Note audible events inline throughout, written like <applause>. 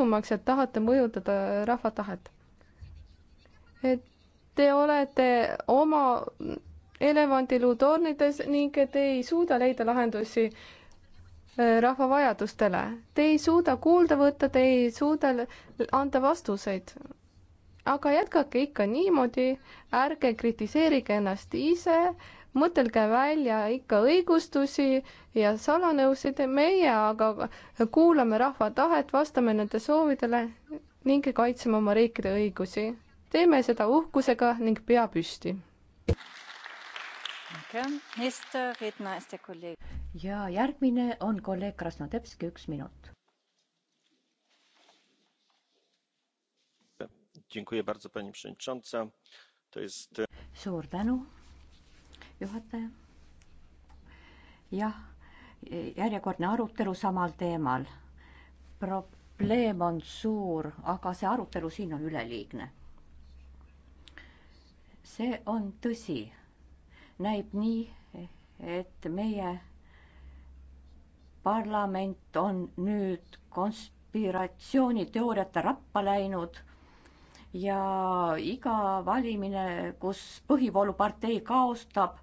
maksumaksjad tahate mõjutada rahva tahet. et te olete oma elevandiluutornides ning te ei suuda leida lahendusi äh, rahva vajadustele. Te ei suuda kuulda võtta, te ei suuda anda vastuseid. aga jätkake ikka niimoodi, ärge kritiseerige ennast ise mõtelge välja ikka õigustusi ja salanõusid, meie aga kuulame rahva tahet, vastame nende soovidele ning kaitseme oma riikide õigusi. teeme seda uhkusega ning pea püsti. ja järgmine on kolleeg Krasnodebski, üks minut. pani przewodnicząca! to jest. suur tänu juhataja. jah, järjekordne arutelu samal teemal. probleem on suur, aga see arutelu siin on üleliigne. see on tõsi. näib nii, et meie parlament on nüüd konspiratsiooniteooriate rappa läinud ja iga valimine, kus põhivoolupartei kaostab,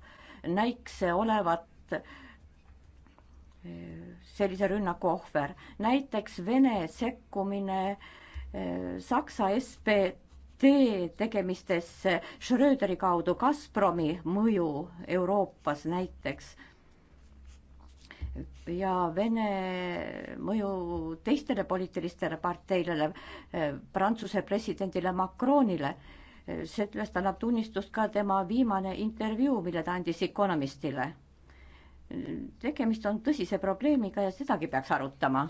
näikse olevat eh, sellise rünnaku ohver. näiteks Vene sekkumine eh, Saksa SBT tegemistesse Schröderi kaudu, Gazpromi mõju Euroopas näiteks ja Vene mõju teistele poliitilistele parteidele, eh, Prantsuse presidendile Macronile sellest annab tunnistust ka tema viimane intervjuu, mille ta andis Economistile. tegemist on tõsise probleemiga ja sedagi peaks arutama.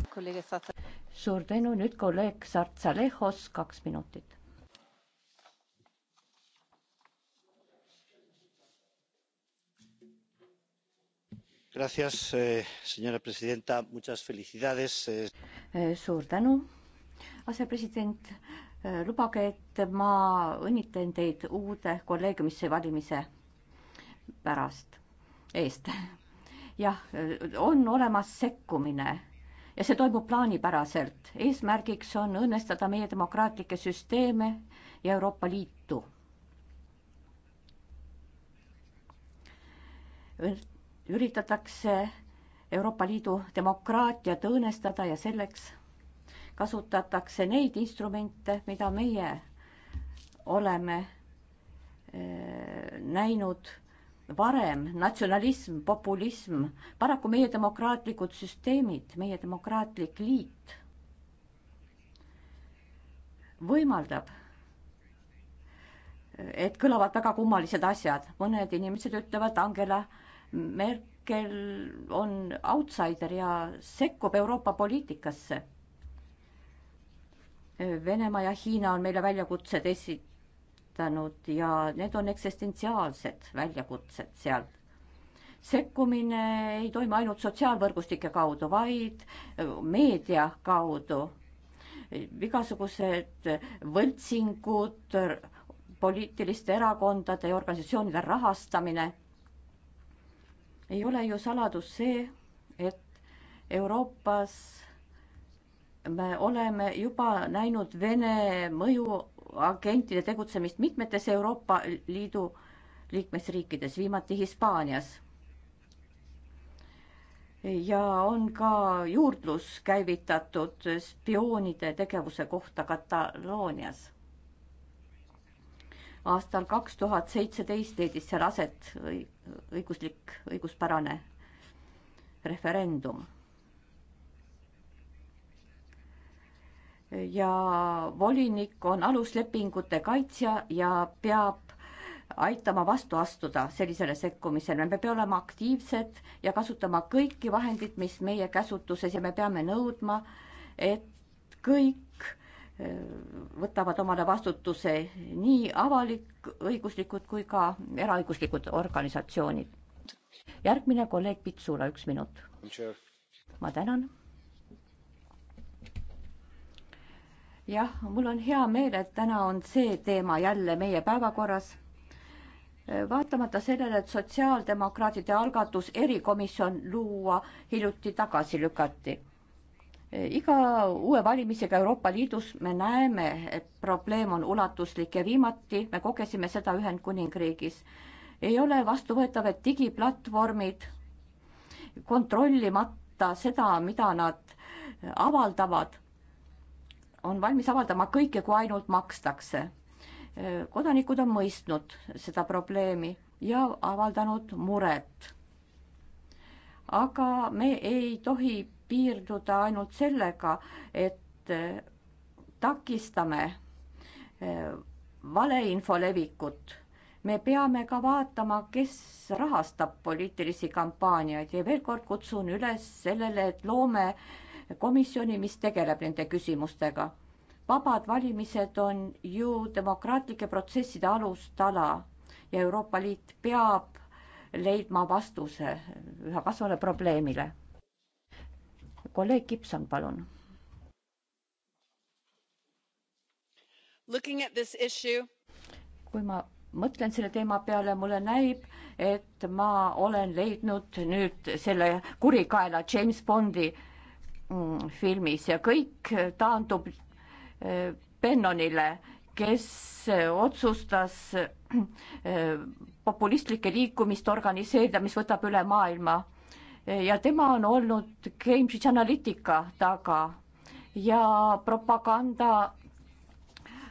suur tänu, nüüd kolleeg Sartsalehos, kaks minutit. Gracias, eh, señora presidenta, muchas felicidades eh.. eh suur tänu, asepresident Äh, lubage, et ma õnnitlen teid uude kolleegiumisse valimise pärast, eest. <laughs> jah, on olemas sekkumine ja see toimub plaanipäraselt. eesmärgiks on õnnestada meie demokraatlikke süsteeme ja Euroopa Liitu. üritatakse Euroopa Liidu demokraatiat õõnestada ja selleks kasutatakse neid instrumente, mida meie oleme eh, näinud varem, natsionalism, populism, paraku meie demokraatlikud süsteemid, meie demokraatlik liit võimaldab, et kõlavad väga kummalised asjad, mõned inimesed ütlevad, Angela Merkel on outsider ja sekkub Euroopa poliitikasse Venemaa ja Hiina on meile väljakutsed esitanud ja need on eksistentsiaalsed väljakutsed sealt. sekkumine ei toimu ainult sotsiaalvõrgustike kaudu, vaid äh, meedia kaudu. igasugused võltsingud, poliitiliste erakondade ja organisatsioonide rahastamine. ei ole ju saladus see, et Euroopas me oleme juba näinud Vene mõjuagentide tegutsemist mitmetes Euroopa Liidu liikmesriikides, viimati Hispaanias ja on ka juurdlus käivitatud spioonide tegevuse kohta Kataloonias. aastal kaks tuhat seitseteist leidis seal aset õiguslik, õiguspärane referendum ja volinik on aluslepingute kaitsja ja peab aitama vastu astuda sellisele sekkumisele. me peame olema aktiivsed ja kasutama kõiki vahendid, mis meie käsutuses ja me peame nõudma, et kõik eh, võtavad omale vastutuse nii avalik-õiguslikud kui ka eraõiguslikud organisatsioonid. järgmine kolleeg Pitsula, üks minut. ma tänan. jah, mul on hea meel, et täna on see teema jälle meie päevakorras. vaatamata sellele, et sotsiaaldemokraatide algatus erikomisjon luua hiljuti tagasi lükati. iga uue valimisega Euroopa Liidus me näeme, et probleem on ulatuslik ja viimati me kogesime seda Ühendkuningriigis. ei ole vastuvõetav, et digiplatvormid kontrollimata seda, mida nad avaldavad on valmis avaldama kõike, kui ainult makstakse. kodanikud on mõistnud seda probleemi ja avaldanud muret. aga me ei tohi piirduda ainult sellega, et takistame valeinfo levikut. me peame ka vaatama, kes rahastab poliitilisi kampaaniaid ja veel kord kutsun üles sellele, et loome äh, komisjoni, mis tegeleb nende küsimustega. vabad valimised on ju demokraatlike protsesside alustala ja Euroopa Liit peab leidma vastuse üha kasvavale probleemile. kolleeg Gibson, palun. kui ma mõtlen selle teema peale, mulle näib, et ma olen leidnud nüüd selle kurikaela James Bondi äh, filmis ja kõik taandub eh, Bennonile, kes otsustas eh, populistlike liikumist organiseerida, mis võtab üle maailma. ja tema on olnud Cambridge Analytica taga ja propaganda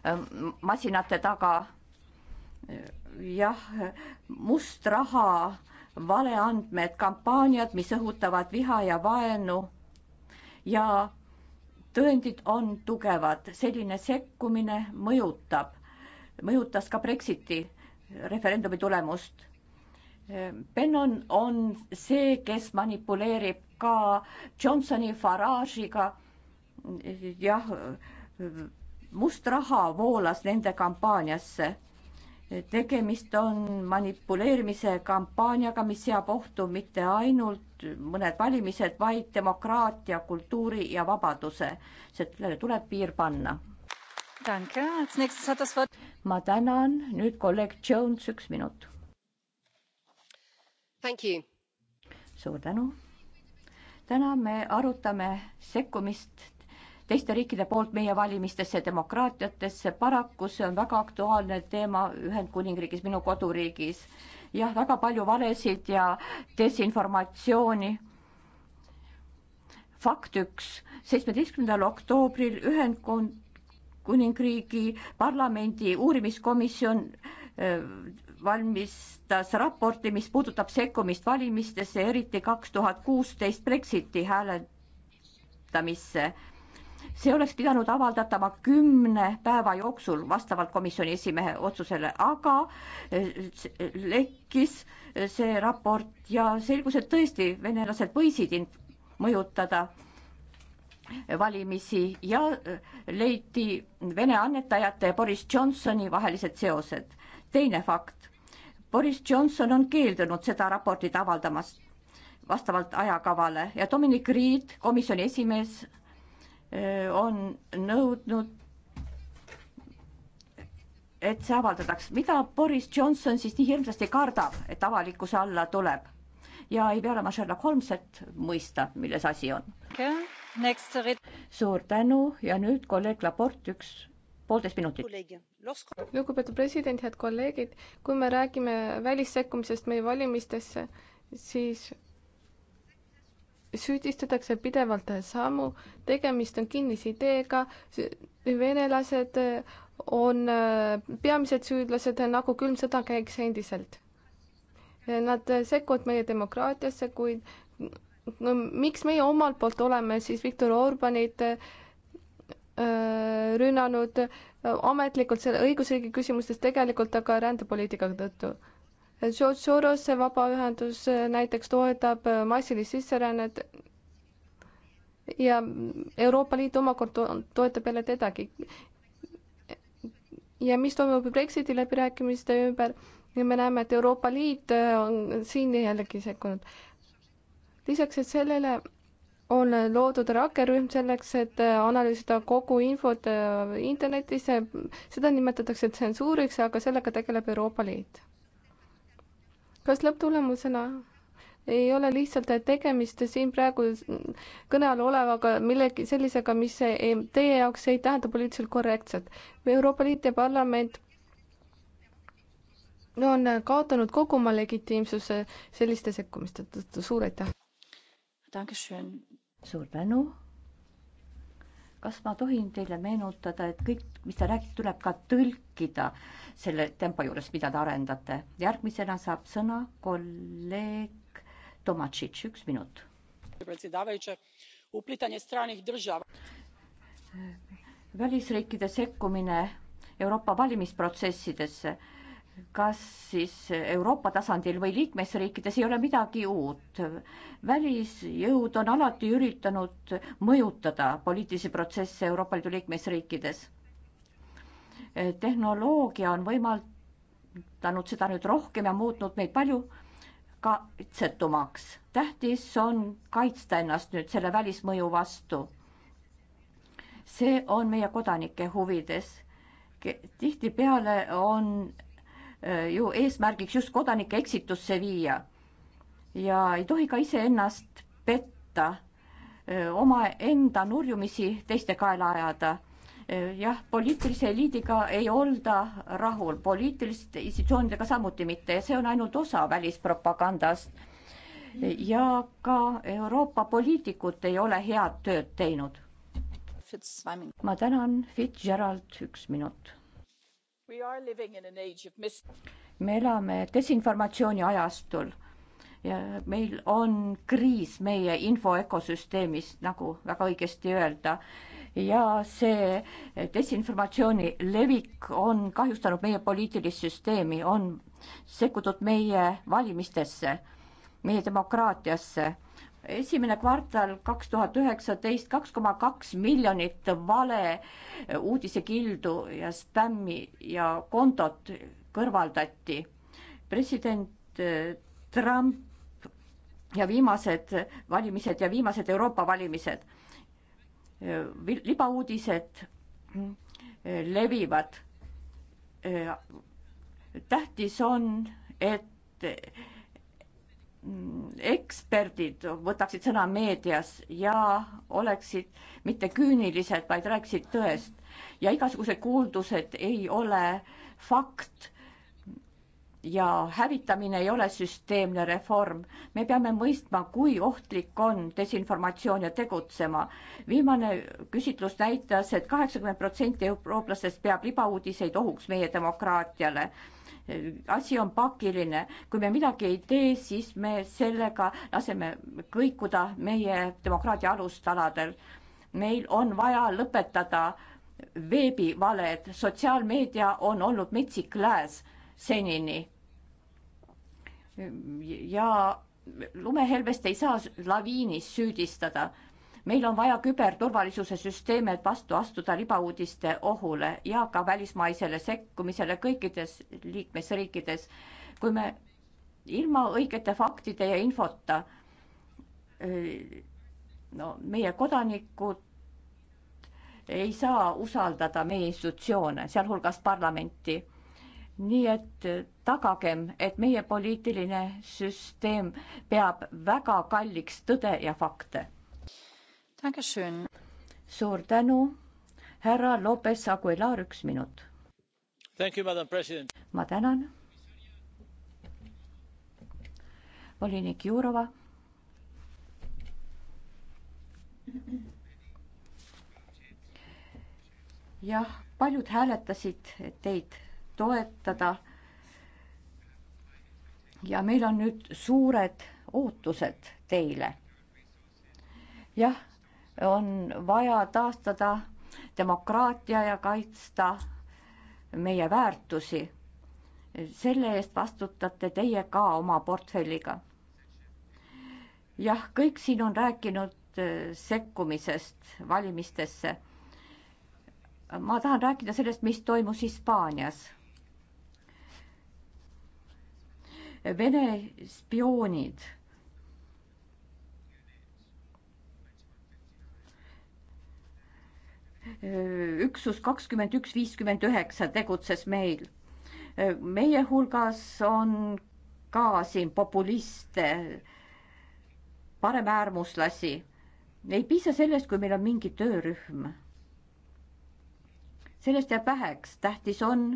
eh, masinate taga. jah, must raha, valeandmed, kampaaniad, mis õhutavad viha ja vaenu ja tõendid on tugevad, selline sekkumine mõjutab, mõjutas ka Brexiti referendumi tulemust. Bannon on see, kes manipuleerib ka Johnsoni Farage'iga. jah, must raha voolas nende kampaaniasse tegemist on manipuleerimise kampaaniaga, mis seab ohtu mitte ainult mõned valimised, vaid demokraatia, kultuuri ja vabaduse. sellele tuleb piir panna. ma tänan, nüüd kolleeg Jones, üks minut. suur tänu. täna me arutame sekkumist teiste riikide poolt meie valimistesse, demokraatiatesse. paraku see on väga aktuaalne teema Ühendkuningriigis, minu koduriigis jah, väga palju valesid ja desinformatsiooni. fakt üks, seitsmeteistkümnendal oktoobril Ühendkuningriigi parlamendi uurimiskomisjon äh, valmistas raporti, mis puudutab sekkumist valimistesse, eriti kaks tuhat kuusteist Brexiti hääletamisse see oleks pidanud avaldatama kümne päeva jooksul vastavalt komisjoni esimehe otsusele, aga e, e, lekkis e, see raport ja selgus, et tõesti venelased võisid mõjutada valimisi ja leiti Vene annetajate ja Boris Johnsoni vahelised seosed. teine fakt, Boris Johnson on keeldunud seda raportit avaldamast vastavalt ajakavale ja Dominic Reed, komisjoni esimees, on nõudnud, et see avaldataks. mida Boris Johnson siis nii hirmsasti kardab, et avalikkuse alla tuleb? ja ei pea olema Sherlock Holmes, et mõista, milles asi on okay.. Next... suur tänu ja nüüd kolleeg Laport, üks poolteist minutit. lugupeetud president, head kolleegid, kui me räägime välissekkumisest meie valimistesse, siis süüdistatakse pidevalt samu, tegemist on kinnise ideega, venelased on äh, peamised süüdlased, nagu külm sõda käiks endiselt. Nad sekkuvad meie demokraatiasse, kuid no, miks meie omalt poolt oleme siis Viktor Orbanit öö, äh, rünnanud öö, ametlikult selle õigusriigi küsimustes, tegelikult aga rändepoliitika tõttu George Soros vabaühendus äh, näiteks toetab äh, massilist sisserännet ja Euroopa Liit omakorda toetab jälle tedagi. ja mis toimub Brexiti läbirääkimiste ümber, me näeme, et Euroopa Liit äh, on siin jällegi sekkunud. lisaks, et sellele on loodud rakkerühm selleks, et analüüsida kogu infot internetis, seda nimetatakse tsensuuriks, aga sellega tegeleb Euroopa Liit kas lõpptulemusena ei ole lihtsalt tegemist siin praegu kõne all olevaga millegi sellisega, mis ei, teie jaoks ei tähenda poliitiliselt korrektset. Euroopa Liit ja parlament no, on kaotanud kogu oma legitiimsuse selliste sekkumiste tõttu, suur aitäh! suur tänu! kas ma tohin teile meenutada, et kõik, mis te räägite, tuleb ka tõlkida selle tempo juures, mida te arendate. järgmisena saab sõna kolleeg Tomatšitš, üks minut. välisriikide sekkumine Euroopa valimisprotsessidesse kas siis Euroopa tasandil või liikmesriikides ei ole midagi uut. välisjõud on alati üritanud mõjutada poliitilisi protsesse Euroopa Liidu liikmesriikides. tehnoloogia on võimaldanud seda nüüd rohkem ja muutnud meid palju katsetumaks. tähtis on kaitsta ennast nüüd selle välismõju vastu. see on meie kodanike huvides tihtipeale on Eh, ju eesmärgiks just kodanike eksitusse viia. ja ei tohi ka iseennast petta, eh, omaenda nurjumisi teiste kaela ajada. Eh, jah, poliitilise eliidiga ei olda rahul, poliitiliste institutsioonidega samuti mitte ja see on ainult osa välispropagandast. ja ka Euroopa poliitikud ei ole head tööd teinud. ma tänan, Fitzgerald, üks minut me elame desinformatsiooni ajastul ja meil on kriis meie info ökosüsteemis, nagu väga õigesti öelda. ja see desinformatsiooni levik on kahjustanud meie poliitilist süsteemi, on sekkutud meie valimistesse, meie demokraatiasse esimene kvartal kaks tuhat üheksateist, kaks koma kaks miljonit vale uudisekildu ja spämmi ja kontot kõrvaldati. president äh, Trump ja viimased valimised ja viimased Euroopa valimised. Äh, libauudised äh, levivad. tähtis on, et eksperdid võtaksid sõna meedias ja oleksid mitte küünilised, vaid rääkisid tõest ja igasugused kuuldused ei ole fakt. ja hävitamine ei ole süsteemne reform. me peame mõistma, kui ohtlik on desinformatsioon ja tegutsema. viimane küsitlus näitas et, et kaheksakümmend protsenti eurooplastest peab libauudiseid ohuks meie demokraatiale asi on pakiline, kui me midagi ei tee, siis me sellega laseme kõikuda meie demokraatia alustaladel. meil on vaja lõpetada veebivaled, sotsiaalmeedia on olnud metsik lääs senini. ja lumehelbest ei saa laviinis süüdistada meil on vaja küberturvalisuse süsteeme, et vastu astuda libauudiste ohule ja ka välismaisele sekkumisele kõikides liikmesriikides. kui me ilma õigete faktide ja infota, eh, no meie kodanikud ei saa usaldada meie institutsioone, sealhulgas parlamenti. nii et tagagem, et meie poliitiline süsteem peab väga kalliks tõde ja fakte suur tänu, härra Lopez Aguilar, üks minut. ma tänan. volinik Jurova. jah, paljud hääletasid teid toetada. ja meil on nüüd suured ootused teile. jah on vaja taastada demokraatia ja kaitsta meie väärtusi. selle eest vastutate teie ka oma portfelliga. jah, kõik siin on rääkinud äh, sekkumisest valimistesse. ma tahan rääkida sellest, mis toimus Hispaanias. Vene spioonid üksus kakskümmend üks viiskümmend üheksa tegutses meil. meie hulgas on ka siin populiste, paremäärmuslasi. ei piisa sellest, kui meil on mingi töörühm. sellest jääb väheks, tähtis on,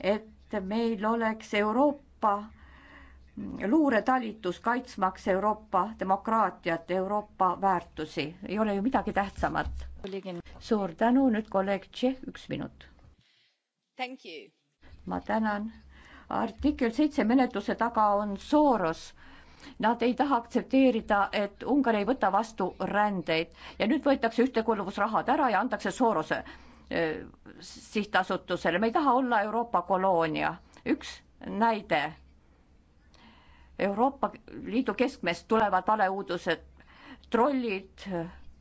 et meil oleks Euroopa luuretalitus kaitsmaks Euroopa demokraatiat, Euroopa väärtusi, ei ole ju midagi tähtsamat. suur tänu, nüüd kolleeg Tšehh, üks minut. ma tänan. artikkel seitse menetluse taga on Soros. Nad ei taha aktsepteerida, et Ungari ei võta vastu rändeid ja nüüd võetakse ühtekuuluvusrahad ära ja antakse Sorose e, sihtasutusele, me ei taha olla Euroopa koloonia. üks näide Euroopa Liidu keskmest tulevad valeuudused, trollid,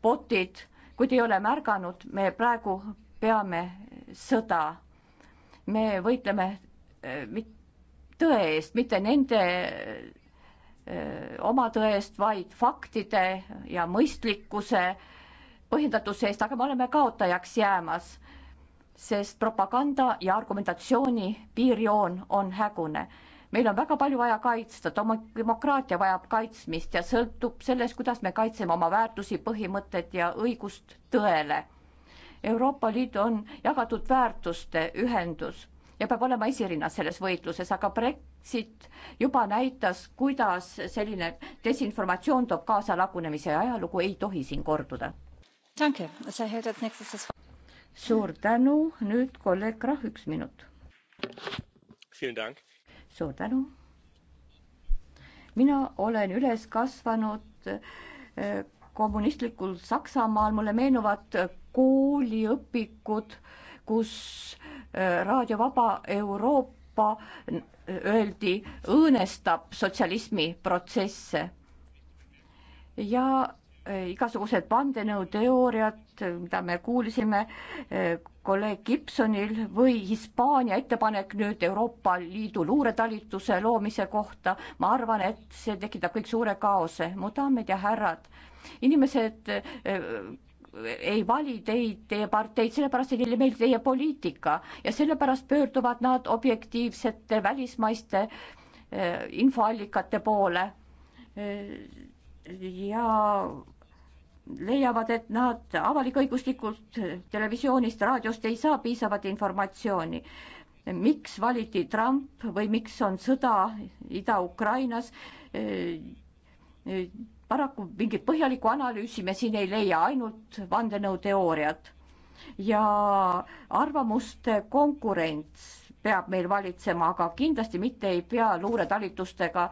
botid, kui te ei ole märganud, me praegu peame sõda. me võitleme eh, tõe eest, mitte nende eh, oma tõe eest, vaid faktide ja mõistlikkuse põhjendatuse eest, aga me oleme kaotajaks jäämas, sest propaganda ja argumentatsiooni piirjoon on hägune meil on väga palju vaja kaitsta, demokraatia vajab kaitsmist ja sõltub sellest, kuidas me kaitseme oma väärtusi, põhimõtted ja õigust tõele. Euroopa Liit on jagatud väärtuste ühendus ja peab olema esirinnas selles võitluses, aga Brexit juba näitas, kuidas selline desinformatsioon toob kaasa lagunemise ja ajalugu ei tohi siin korduda. suur tänu, nüüd kolleeg Krahv, üks minut suur tänu. mina olen üles kasvanud äh, kommunistlikul Saksamaal, mulle meenuvad kooliõpikud, kus äh, Raadio Vaba Euroopa öeldi, õõnestab sotsialismi protsesse. ja Eh, igasugused vandenõuteooriad, mida me kuulsime eh, kolleeg Gibsonil või Hispaania ettepanek nüüd Euroopa Liidu luuretalituse loomise kohta, ma arvan, et see tekitab kõik suure kaose. mu daamid ja härrad, inimesed eh, ei vali teid, teie parteid, sellepärast et neile meeldib teie poliitika ja sellepärast pöörduvad nad objektiivsete välismaiste infoallikate poole ja leiavad, et nad avalik-õiguslikult televisioonist, raadiost ei saa piisavat informatsiooni. miks valiti Trump või miks on sõda Ida-Ukrainas? paraku mingit põhjalikku analüüsi me siin ei leia, ainult vandenõuteooriad ja arvamuste konkurents peab meil valitsema, aga kindlasti mitte ei pea luuretalitustega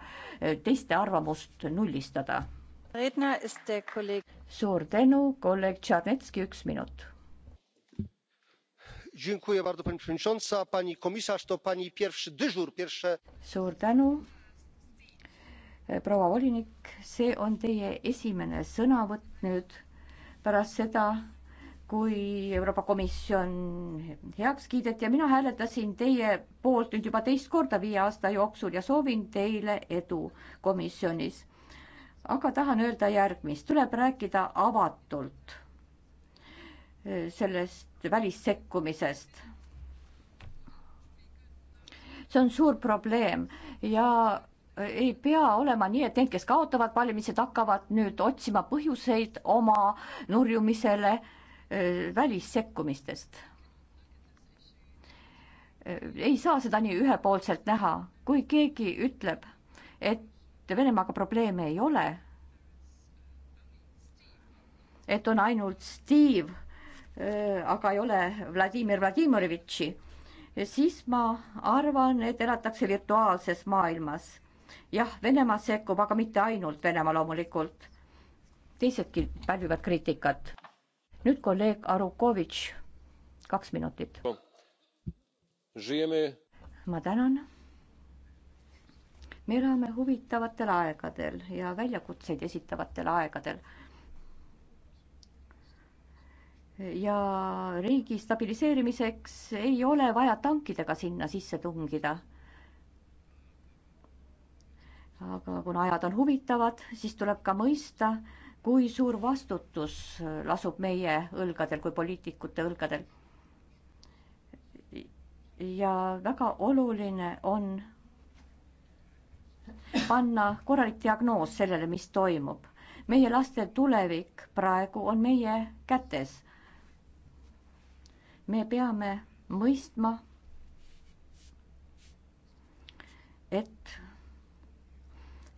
teiste arvamust nullistada suur tänu, kolleeg Tšarnetski, üks minut. suur tänu, proua volinik, see on teie esimene sõnavõtt nüüd pärast seda, kui Euroopa Komisjon heaks kiideti ja mina hääletasin teie poolt nüüd juba teist korda viie aasta jooksul ja soovin teile edu komisjonis aga tahan öelda järgmist, tuleb rääkida avatult sellest välissekkumisest. see on suur probleem ja ei pea olema nii, et need, kes kaotavad valimised, hakkavad nüüd otsima põhjuseid oma nurjumisele äh, välissekkumistest. Äh, ei saa seda nii ühepoolselt näha, kui keegi ütleb, et et Venemaaga probleeme ei ole. et on ainult Steve, äh, aga ei ole Vladimir Vladimirovitši, siis ma arvan, et elatakse virtuaalses maailmas. jah, Venemaa sekkub, aga mitte ainult Venemaa loomulikult. teisedki pälvivad kriitikat. nüüd kolleeg Arukovitš, kaks minutit. ma tänan me elame huvitavatel aegadel ja väljakutseid esitavatel aegadel. ja riigi stabiliseerimiseks ei ole vaja tankidega sinna sisse tungida. aga kuna ajad on huvitavad, siis tuleb ka mõista, kui suur vastutus lasub meie õlgadel kui poliitikute õlgadel. ja väga oluline on panna korralik diagnoos sellele, mis toimub. meie laste tulevik praegu on meie kätes. me peame mõistma, et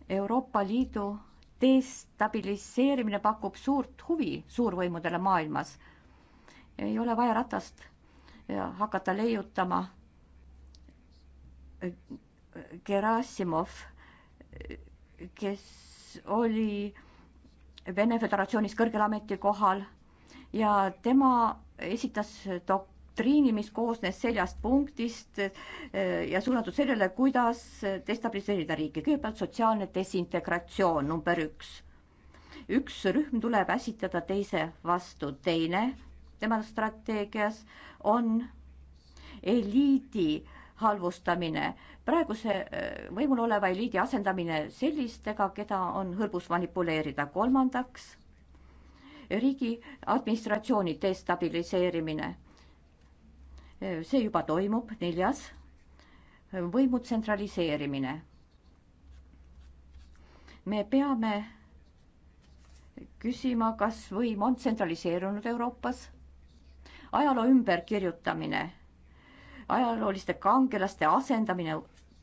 Euroopa Liidu destabiliseerimine pakub suurt huvi suurvõimudele maailmas. ei ole vaja ratast äh, hakata leiutama äh, Gerasimov kes oli Vene Föderatsioonis kõrgel ametikohal ja tema esitas doktriini, mis koosnes seljast punktist eh, ja suunatud sellele, kuidas destabiliseerida riiki. kõigepealt sotsiaalne desintegratsioon number üks. üks rühm tuleb äsitada teise vastu, teine tema strateegias on eliidi halvustamine, praeguse äh, võimul oleva eliidi asendamine sellistega, keda on hõlbus manipuleerida. kolmandaks, riigi administratsiooni destabiliseerimine. Äh, see juba toimub. neljas, võimu tsentraliseerimine. me peame küsima, kas võim on tsentraliseerunud Euroopas. ajaloo ümberkirjutamine ajalooliste kangelaste asendamine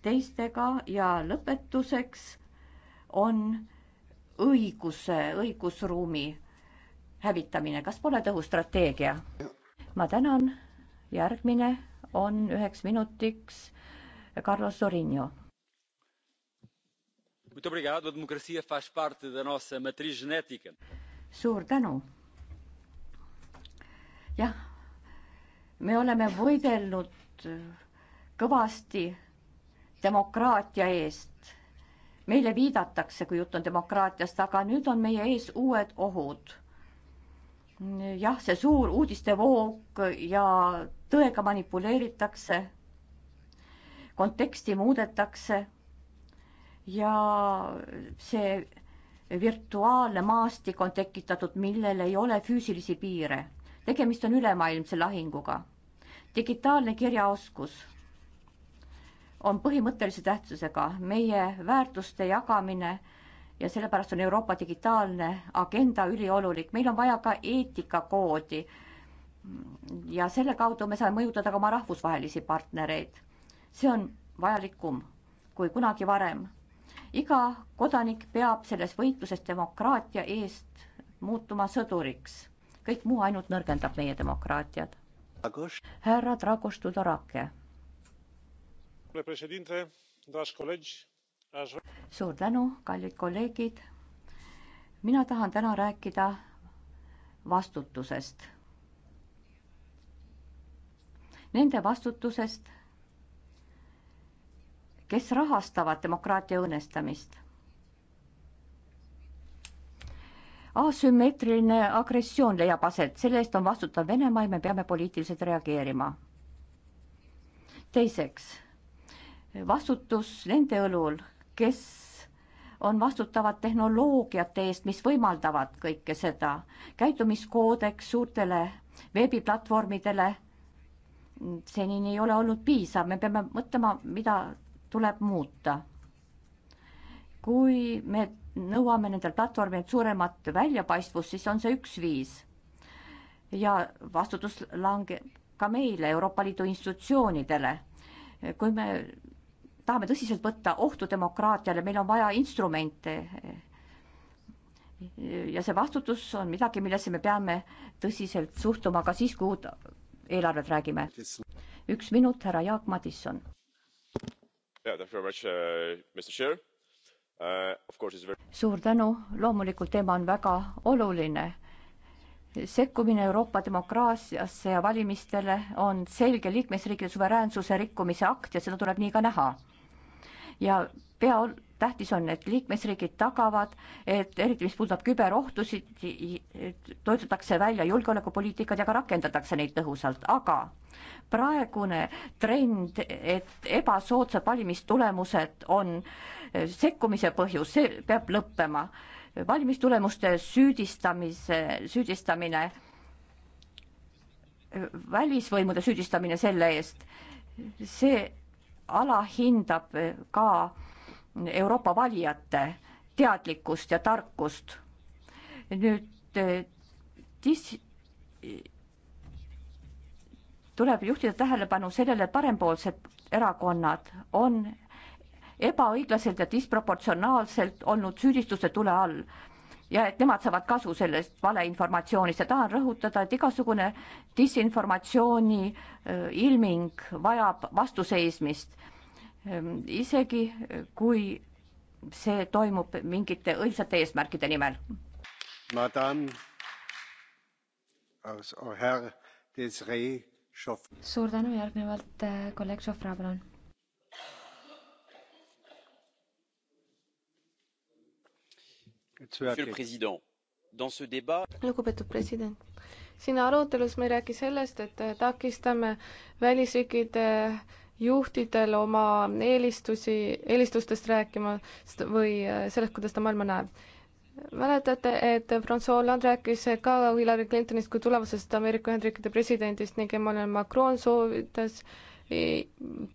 teistega ja lõpetuseks on õiguse, õigusruumi hävitamine. kas pole tõhus strateegia? ma tänan. järgmine on üheks minutiks Carlos Sorinio. suur tänu. jah, me oleme võidelnud kõvasti demokraatia eest. meile viidatakse, kui jutt on demokraatiast, aga nüüd on meie ees uued ohud. jah, see suur uudistevoog ja tõega manipuleeritakse, konteksti muudetakse ja see virtuaalne maastik on tekitatud, millel ei ole füüsilisi piire. tegemist on ülemaailmse lahinguga digitaalne kirjaoskus on põhimõttelise tähtsusega meie väärtuste jagamine ja sellepärast on Euroopa digitaalne agenda üliolulik. meil on vaja ka eetikakoodi ja selle kaudu me saame mõjutada ka oma rahvusvahelisi partnereid. see on vajalikum kui kunagi varem. iga kodanik peab selles võitluses demokraatia eest muutuma sõduriks. kõik muu ainult nõrgendab meie demokraatiat härra Dragoș Tudorache. suur tänu, kallid kolleegid. mina tahan täna rääkida vastutusest. Nende vastutusest, kes rahastavad demokraatia õõnestamist asümmeetriline agressioon leiab aset, selle eest on vastutav Venemaa ja me peame poliitiliselt reageerima. teiseks, vastutus nende õlul, kes on vastutavad tehnoloogiate eest, mis võimaldavad kõike seda, käitumiskoodeks suurtele veebiplatvormidele senini ei ole olnud piisav, me peame mõtlema, mida tuleb muuta. kui me nõuame nendel platvormidel suuremat väljapaistvust, siis on see üks viis. ja vastutus langeb ka meile, Euroopa Liidu institutsioonidele. kui me tahame tõsiselt võtta ohtu demokraatiale, meil on vaja instrumente. ja see vastutus on midagi, millesse me peame tõsiselt suhtuma ka siis, kui uut eelarvet räägime. üks minut, härra Jaak Madisson. Uh, suur tänu, loomulikult teema on väga oluline. sekkumine Euroopa demokraatiasse ja valimistele on selge liikmesriikide suveräänsuse rikkumise akt ja seda tuleb nii ka näha. ja pea tähtis on, et liikmesriigid tagavad, et eriti mis puudutab küberohtusid, toetatakse välja julgeolekupoliitikad ja ka rakendatakse neid tõhusalt, aga praegune trend, et ebasoodsad valimistulemused on sekkumise põhjus, see peab lõppema. valimistulemuste süüdistamise, süüdistamine, välisvõimude süüdistamine selle eest, see alahindab ka Euroopa valijate teadlikkust ja tarkust. nüüd eh, dis-, tuleb juhtida tähelepanu sellele, et parempoolsed erakonnad on ebaõiglaselt ja disproportsionaalselt olnud süüdistuste tule all ja et nemad saavad kasu sellest valeinformatsioonist ja tahan rõhutada, et igasugune disinformatsiooni eh, ilming vajab vastuseismist Ehm, isegi eh, kui see toimub mingite õilsate eesmärkide nimel. Oh, suur tänu, järgnevalt eh, kolleeg Šofra, palun. lugupeetud president, siin arutelus me ei räägi sellest, et eh, takistame välisriikide äh, juhtidel oma eelistusi, eelistustest rääkima või äh, sellest, kuidas ta maailma näeb. mäletate, et Francois Hollande rääkis ka Hillary Clintonist kui tulevasest Ameerika Ühendriikide presidendist ning Emmanuel Macron soovitas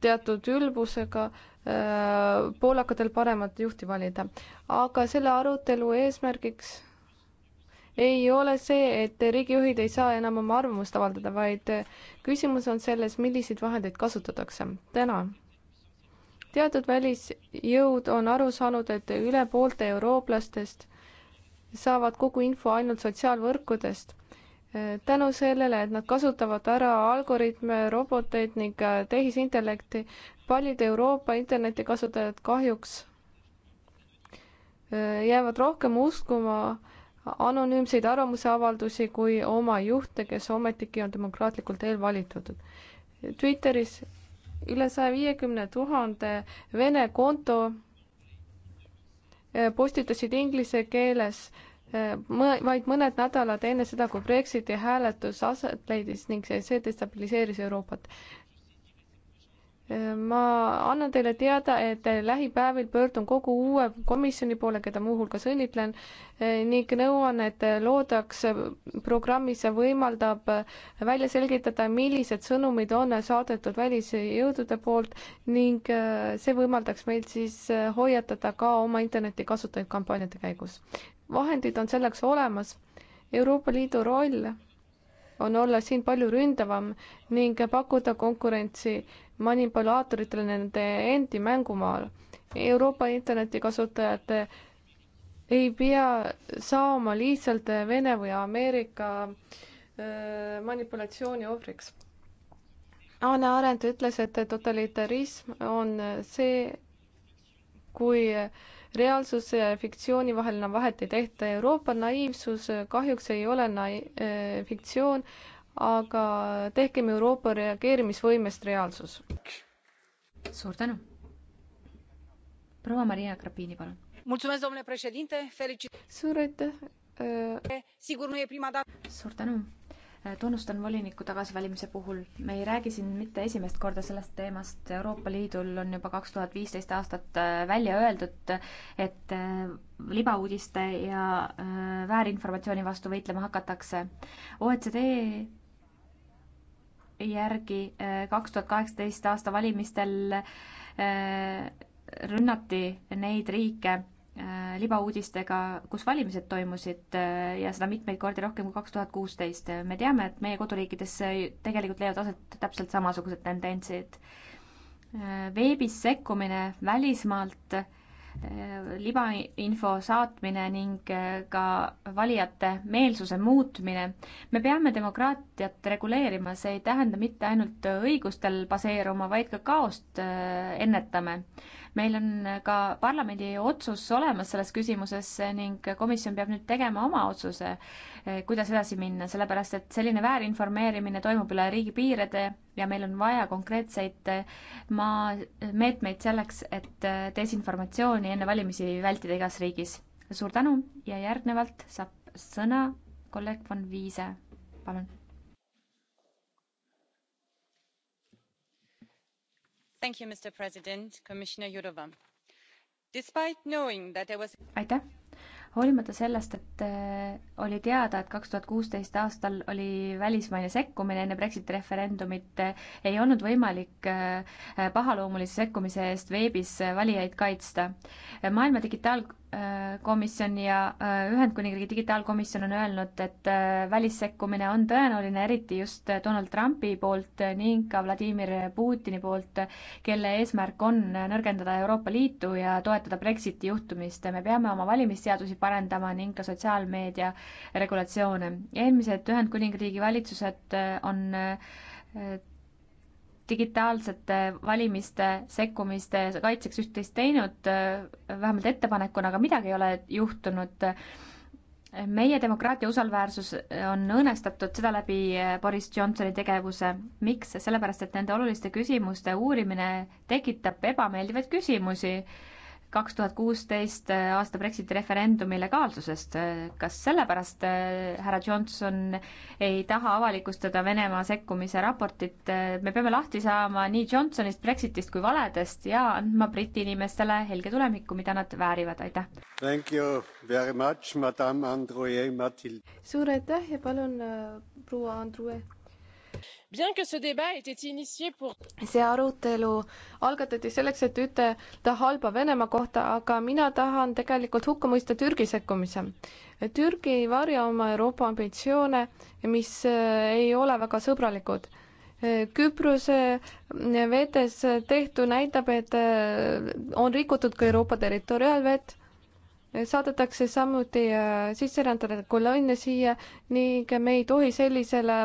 teatud ülbusega äh, poolakatel paremat juhti valida. aga selle arutelu eesmärgiks ei ole see, et riigijuhid ei saa enam oma arvamust avaldada, vaid küsimus on selles, milliseid vahendeid kasutatakse. tänan. teatud välisjõud on aru saanud, et üle poolte eurooplastest saavad kogu info ainult sotsiaalvõrkudest tänu sellele, et nad kasutavad ära algoritme, roboteid ning tehisintellekti, paljud Euroopa internetikasutajad kahjuks jäävad rohkem uskuma anonüümseid arvamuseavaldusi kui oma juhte, kes ometigi on demokraatlikult eelvalitud. Twitteris üle saja viiekümne tuhande Vene konto eh, postitasid inglise keeles eh, mõ-, vaid mõned nädalad enne seda, kui Brexiti hääletus aset leidis ning see, see destabiliseeris Euroopat ma annan teile teada, et lähipäevil pöördun kogu uue komisjoni poole, keda muuhulgas õnnitlen, eh, ning nõuan, et loodaks programm, mis võimaldab välja selgitada, millised sõnumid on saadetud välisjõudude poolt ning eh, see võimaldaks meil siis eh, hoiatada ka oma internetikasutajaid kampaaniate käigus. vahendid on selleks olemas. Euroopa Liidu roll on olla siin palju ründavam ning pakkuda konkurentsi manipulaatoritele nende endi mängumaal. Euroopa internetikasutajad ei pea saama lihtsalt Vene või Ameerika manipulatsiooni ohvriks. Anne Arendt ütles, et totalitarism on see, kui äh, reaalsuse ja fiktsiooni vahel enam vahet ei tehta. Euroopa naiivsus kahjuks ei ole nai-, eh, fiktsioon, aga tehkem Euroopa reageerimisvõimest reaalsus. suur tänu. proua Maria Grapini, palun. suur aitäh. Eh, e suur tänu tunnustan voliniku tagasivalimise puhul. me ei räägi siin mitte esimest korda sellest teemast, Euroopa Liidul on juba kaks tuhat viisteist aastat äh, välja öeldud, et äh, libauudiste ja äh, väärinformatsiooni vastu võitlema hakatakse. OECD järgi kaks tuhat kaheksateist aasta valimistel rünnati neid riike Äh, libauudistega, kus valimised toimusid äh, ja seda mitmeid kordi rohkem kui kaks tuhat kuusteist. me teame, et meie koduriikides tegelikult leiavad aset täpselt samasugused tendentsid. Äh, veebis sekkumine välismaalt, libainfo saatmine ning ka valijate meelsuse muutmine. me peame demokraatiat reguleerima, see ei tähenda mitte ainult õigustel baseeruma, vaid ka kaost ennetame meil on ka parlamendi otsus olemas selles küsimuses ning komisjon peab nüüd tegema oma otsuse, eh, kuidas edasi minna, sellepärast et selline väärinformeerimine toimub üle riigipiiride ja meil on vaja konkreetseid eh, maa, meetmeid selleks, et eh, desinformatsiooni enne valimisi vältida igas riigis. suur tänu ja järgnevalt saab sõna kolleeg von Viise, palun mr president commissioner jourov despite knowing that there was. aitäh hoolimata sellest, et äh, oli teada, et kaks tuhat kuusteist aastal oli välismaine sekkumine enne Brexiti referendumit, äh, ei olnud võimalik äh, pahaloomulise sekkumise eest veebis valijaid kaitsta. maailma digitaal- komisjon ja äh, Ühendkuningriigi digitaalkomisjon on öelnud, et äh, välissekkumine on tõenäoline, eriti just Donald Trumpi poolt ning ka Vladimir Putini poolt, kelle eesmärk on nõrgendada Euroopa Liitu ja toetada Brexiti juhtumist. me peame oma valimisseadusi parendama ning ka sotsiaalmeedia regulatsioone. eelmised Ühendkuningriigi valitsused äh, on digitaalsete valimiste sekkumiste kaitseks üht-teist teinud, äh, vähemalt ettepanekuna, aga midagi ei ole juhtunud. meie demokraatia usaldväärsus äh, on õõnestatud seda läbi äh, Boris Johnsoni tegevuse. miks? sellepärast, et nende oluliste küsimuste uurimine tekitab ebameeldivaid küsimusi kaks tuhat kuusteist äh, aasta Brexiti referendumi legaalsusest. kas sellepärast äh, härra Johnson ei taha avalikustada Venemaa sekkumise raportit? me peame lahti saama nii Johnsonist, Brexitist kui valedest ja andma Briti inimestele helge tulevikku, mida nad väärivad, aitäh! suur aitäh ja palun äh, proua Andrue see arutelu algatati selleks, et ütelda halba Venemaa kohta, aga mina tahan tegelikult hukka mõista Türgi sekkumise. Türgi ei varja oma Euroopa ambitsioone, mis eh, ei ole väga sõbralikud eh, Küprose eh, vetes tehtu näitab, et on rikutud ka Euroopa territoriaalvett, saadetakse samuti sisserändajate kolonne siia ning me ei tohi sellisele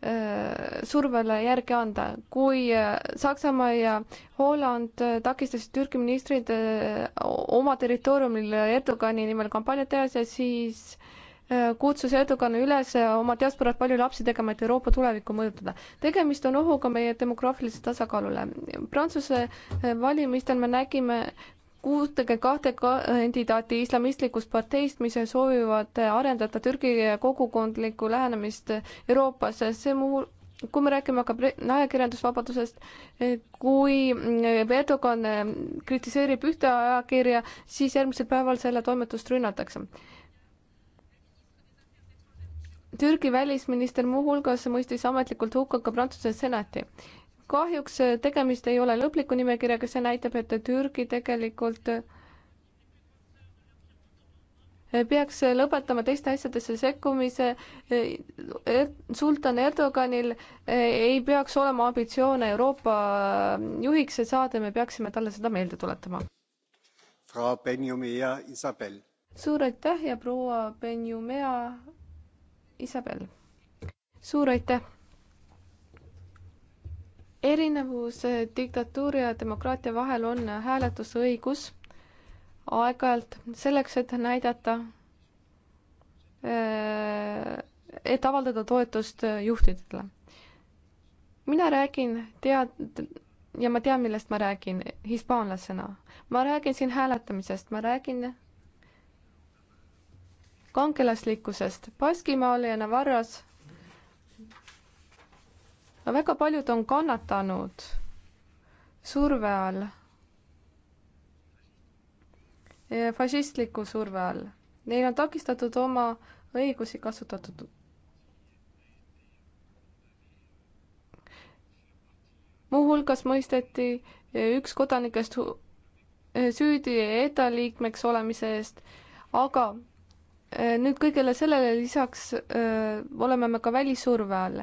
Äh, survele järgi anda. kui äh, Saksamaa ja Holland äh, takistasid Türgi ministrid oma territooriumil Erdogani nimel kampaaniat teha, siis kutsus Erdogan üles oma diasporat palju lapsi tegema, et Euroopa tulevikku mõjutada. tegemist on ohuga meie demograafilisele tasakaalule. Prantsuse valimistel me nägime, kuutekümmet kahte kandidaati islamistlikust parteist, mis soovivad arendada Türgi kogukondlikku lähenemist Euroopas, see muu, kui me räägime aga ajakirjandusvabadusest, kui Erdogan kritiseerib ühte ajakirja, siis järgmisel päeval selle toimetust rünnatakse. Türgi välisminister muuhulgas mõistis ametlikult hukka ka Prantsuse senati kahjuks äh, tegemist ei ole lõpliku nimekirjaga, see näitab, et Türgi tegelikult äh, peaks lõpetama teiste asjadesse sekkumise. Äh, er-, sultan Erdoganil ei peaks olema ambitsioone Euroopa juhiks saada, me peaksime talle seda meelde tuletama. suur aitäh ja proua Benjumea Isabel. suur aitäh erinevus eh, diktatuuri ja demokraatia vahel on hääletusõigus aeg-ajalt selleks, et näidata, eh, et avaldada toetust eh, juhtidele. mina räägin tead- ja ma tean, millest ma räägin hispaanlasena. ma räägin siin hääletamisest, ma räägin kangelaslikkusest. Baskimaal ja Navarras väga paljud on kannatanud surve all, fašistliku surve all. Neil on takistatud oma õigusi kasutatud. muuhulgas mõisteti üks kodanikest süüdi ETA liikmeks olemise eest, aga eh, nüüd kõigele sellele lisaks öö, eh, oleme me ka välissurve all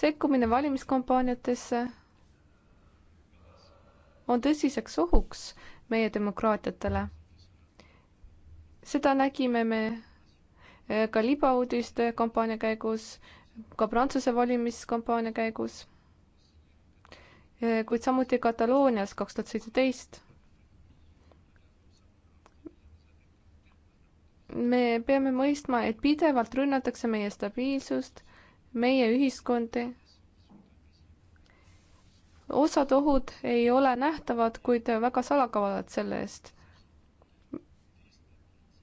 sekkumine valimiskampaaniatesse on tõsiseks ohuks meie demokraatiatele. seda nägime me eh, ka libauudiste kampaania käigus, ka Prantsuse valimiskampaania käigus, eh, kuid samuti Kataloonias kaks tuhat seitseteist. me peame mõistma, et pidevalt rünnatakse meie stabiilsust meie ühiskondi. osad ohud ei ole nähtavad, kuid väga salakavalad selle eest.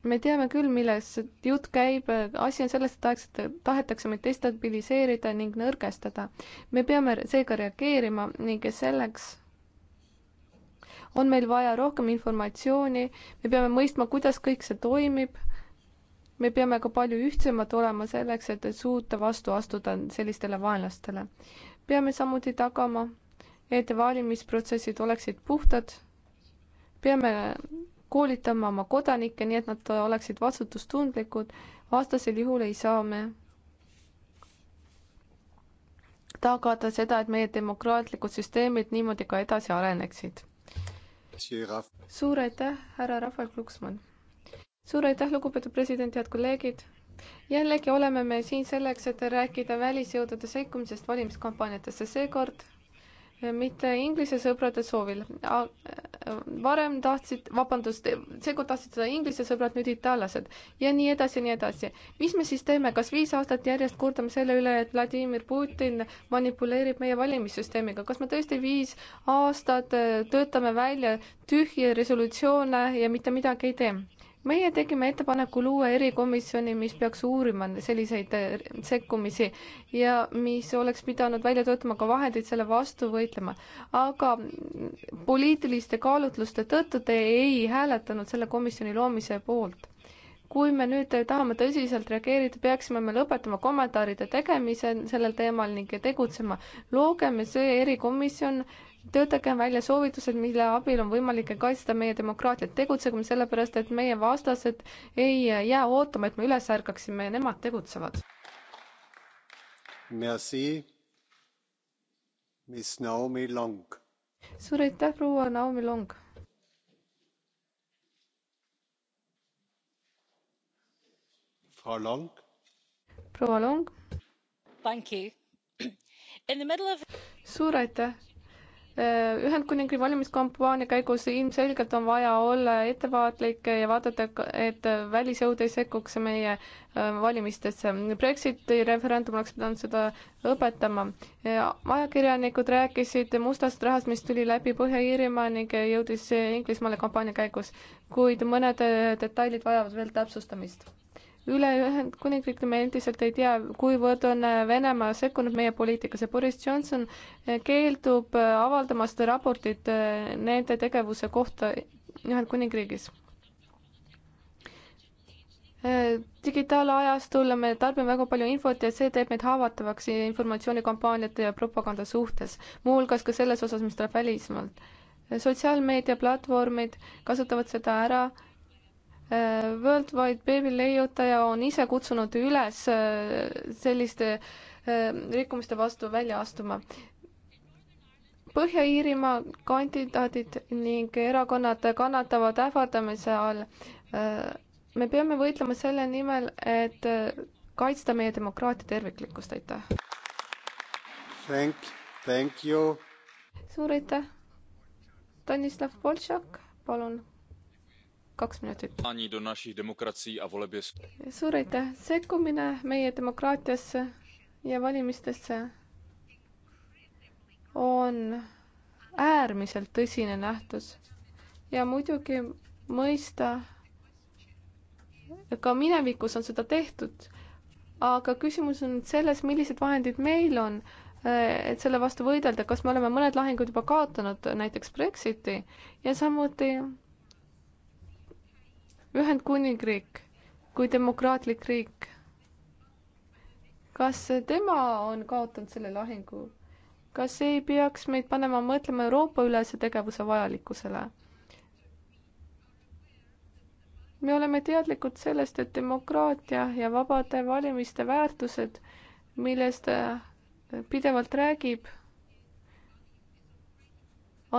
me teame küll, milles jutt käib, asi on selles, et tahetakse, tahetakse meid destabiliseerida ning nõrgestada. me peame seega reageerima ning selleks on meil vaja rohkem informatsiooni, me peame mõistma, kuidas kõik see toimib me peame ka palju ühtsemad olema selleks, et suuta vastu astuda sellistele vaenlastele. peame samuti tagama, et valimisprotsessid oleksid puhtad. peame koolitama oma kodanikke, nii et nad oleksid vastutustundlikud, vastasel juhul ei saa me tagada seda, et meie demokraatlikud süsteemid niimoodi ka edasi areneksid. suur aitäh, härra Rafael Kluksmann! suur aitäh, lugupeetud president, head kolleegid. jällegi oleme me siin selleks, et rääkida välisjõudude sekkumisest valimiskampaaniatesse, seekord mitte Inglise sõprade soovil. varem tahtsid, vabandust, seekord tahtsid seda Inglise sõbrad, nüüd itaallased ja nii edasi ja nii edasi. mis me siis teeme, kas viis aastat järjest kurdame selle üle, et Vladimir Putin manipuleerib meie valimissüsteemiga, kas me tõesti viis aastat töötame välja tühje resolutsioone ja mitte midagi ei tee? meie tegime ettepaneku luua erikomisjoni, mis peaks uurima selliseid äh, sekkumisi ja mis oleks pidanud välja töötama ka vahendid selle vastu võitlema. aga poliitiliste kaalutluste tõttu te ei hääletanud selle komisjoni loomise poolt kui me nüüd tahame tõsiselt reageerida, peaksime me lõpetama kommentaaride tegemise sellel teemal ning tegutsema. loogem see erikomisjon äh, töötagem välja soovitused, mille abil on võimalik kaitsta meie demokraatiat, tegutsegem sellepärast, et meie vastased ei jää ootama, et me üles ärkaksime ja nemad tegutsevad. suur aitäh, proua Naomi Long. proua Long. proua Long. Of... suur aitäh Äh, Ühendkuningriigi valimiskampaania käigus ilmselgelt on vaja olla ettevaatlik ja vaadata, et välisjõud ei sekkuks meie äh, valimistesse. Brexiti referendum oleks pidanud seda õpetama. Äh, ajakirjanikud rääkisid mustast rahast, mis tuli läbi Põhja-Iirimaa ning jõudis Inglismaale kampaania käigus, kuid mõned detailid vajavad veel täpsustamist üle Ühendkuningriik me endiselt ei tea, kuivõrd on Venemaa sekkunud meie poliitikasse. Boris Johnson keeldub avaldamast raportit eh, nende tegevuse kohta Ühendkuningriigis. Eh, digitaalajastul me tarbime väga palju infot ja see teeb meid haavatavaks informatsioonikampaaniate ja propaganda suhtes, muuhulgas ka selles osas, mis tuleb välismaalt. sotsiaalmeediaplatvormid kasutavad seda ära Worldwide Baby leiutaja on ise kutsunud üles äh, selliste äh, rikkumiste vastu välja astuma. Põhja-Iirimaa kandidaadid ning erakonnad kannatavad ähvardamise all. Äh, me peame võitlema selle nimel, et kaitsta meie demokraatia terviklikkust, aitäh! suur aitäh! Stanislav Boltšak, palun! kaks minutit. suur aitäh, sekkumine meie demokraatiasse ja valimistesse on äärmiselt tõsine nähtus ja muidugi mõista, ka minevikus on seda tehtud, aga küsimus on selles, millised vahendid meil on, eh, et selle vastu võidelda, kas me oleme mõned lahingud juba kaotanud, näiteks Brexiti ja samuti Ühendkuningriik kui demokraatlik riik, kas tema on kaotanud selle lahingu? kas ei peaks meid panema mõtlema Euroopa-ülese tegevuse vajalikkusele? me oleme teadlikud sellest, et demokraatia ja vabade valimiste väärtused, millest pidevalt räägib,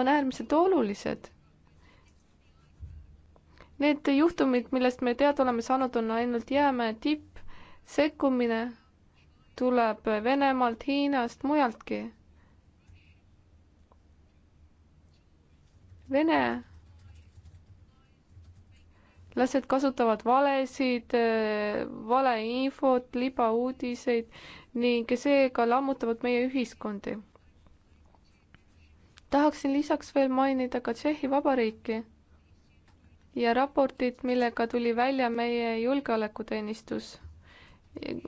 on äärmiselt olulised Need juhtumid, millest me teada oleme saanud, on ainult jäämäe tipp. sekkumine tuleb Venemaalt, Hiinast, mujaltki. Vene lased kasutavad valesid, valeinfot, libauudiseid ning seega lammutavad meie ühiskondi. tahaksin lisaks veel mainida ka Tšehhi Vabariiki ja raportit, millega tuli välja meie julgeolekuteenistus,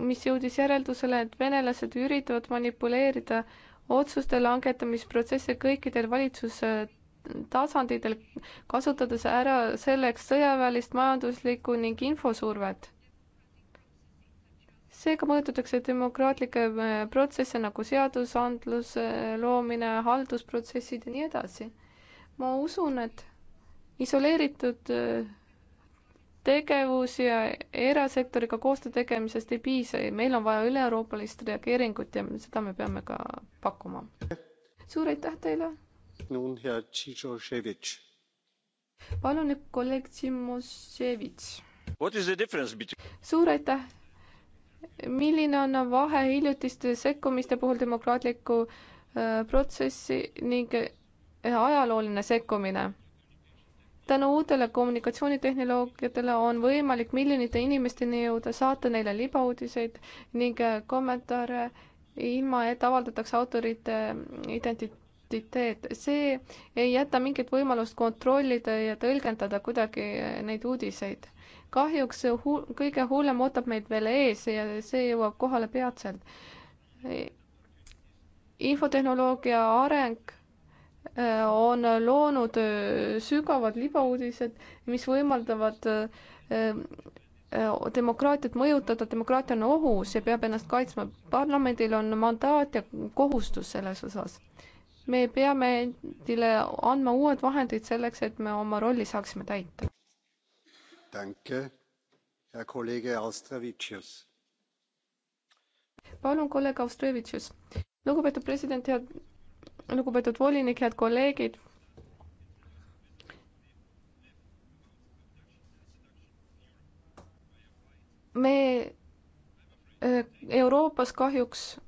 mis jõudis järeldusele, et venelased üritavad manipuleerida otsuste langetamisprotsesse kõikidel valitsuse tasanditel, kasutades ära selleks sõjaväelist, majanduslikku ning infosurvet. seega mõjutatakse demokraatlikke äh, protsesse nagu seadusandluse loomine, haldusprotsessid ja nii edasi. ma usun, et isoleeritud äh, tegevus ja erasektoriga koostöö tegemisest ei piisa ja meil on vaja üle-euroopalist reageeringut ja seda me peame ka pakkuma. suur aitäh teile! palun nüüd kolleeg Tšimoševitš. suur aitäh! milline on vahe hiljutiste sekkumiste puhul demokraatliku äh, protsessi ning äh, ajalooline sekkumine? tänu uutele kommunikatsioonitehnoloogiatele on võimalik miljonite inimesteni jõuda, saata neile libauudiseid ning äh, kommentaare, ilma et avaldatakse autorite äh, identiteet. see ei jäta mingit võimalust kontrollida ja tõlgendada kuidagi äh, neid uudiseid. kahjuks hu-, kõige hullem ootab meid veel ees ja see jõuab kohale peatselt. infotehnoloogia areng Äh, on loonud äh, sügavad libauudised, mis võimaldavad äh, demokraatiat mõjutada, demokraatia on ohus ja peab ennast kaitsma. parlamendil on mandaat ja kohustus selles osas. me peame endile andma uued vahendid selleks, et me oma rolli saaksime täita. palun, kolleeg Austrevitšus. lugupeetud president, head lugupeetud volinik, head kolleegid. me äh, Euroopas kahjuks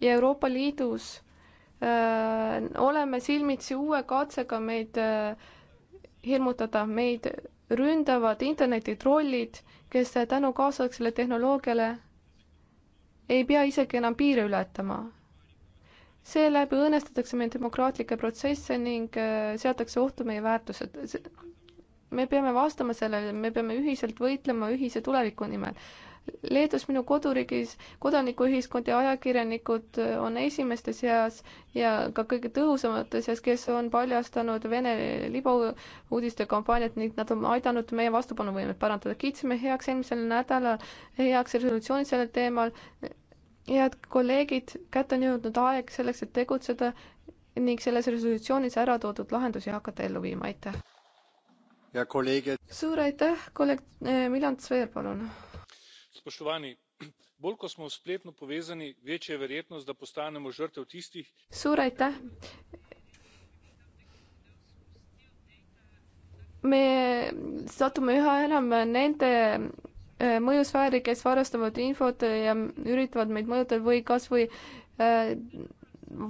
ja Euroopa Liidus öö, äh, oleme silmitsi uue katsega meid öö, äh, hirmutada, meid ründavad internetitrollid, kes tänu kaasaegsele tehnoloogiale ei pea isegi enam piire ületama seeläbi õõnestatakse meie demokraatlikke protsesse ning äh, seatakse ohtu meie väärtused. me peame vastama sellele, me peame ühiselt võitlema ühise tuleviku nimel. Leedus, minu koduriigis, kodanikuühiskond ja ajakirjanikud äh, on esimeste seas ja ka kõige tõhusamate seas, kes on paljastanud Vene libauudiste kampaaniat ning nad on aidanud meie vastupanuvõimet parandada. kiitsime heaks eelmisel nädalal heaks resolutsiooni sellel teemal head kolleegid, kätte on jõudnud aeg selleks, et tegutseda ning selles resolutsioonis ära toodud lahendusi hakata ellu viima, aitäh. suur aitäh, kolleeg eh, Milan Zver, palun. suur aitäh. me satume üha enam nende Äh, mõjusfääri, kes varastavad infot äh, ja üritavad meid mõjutada või kas või äh,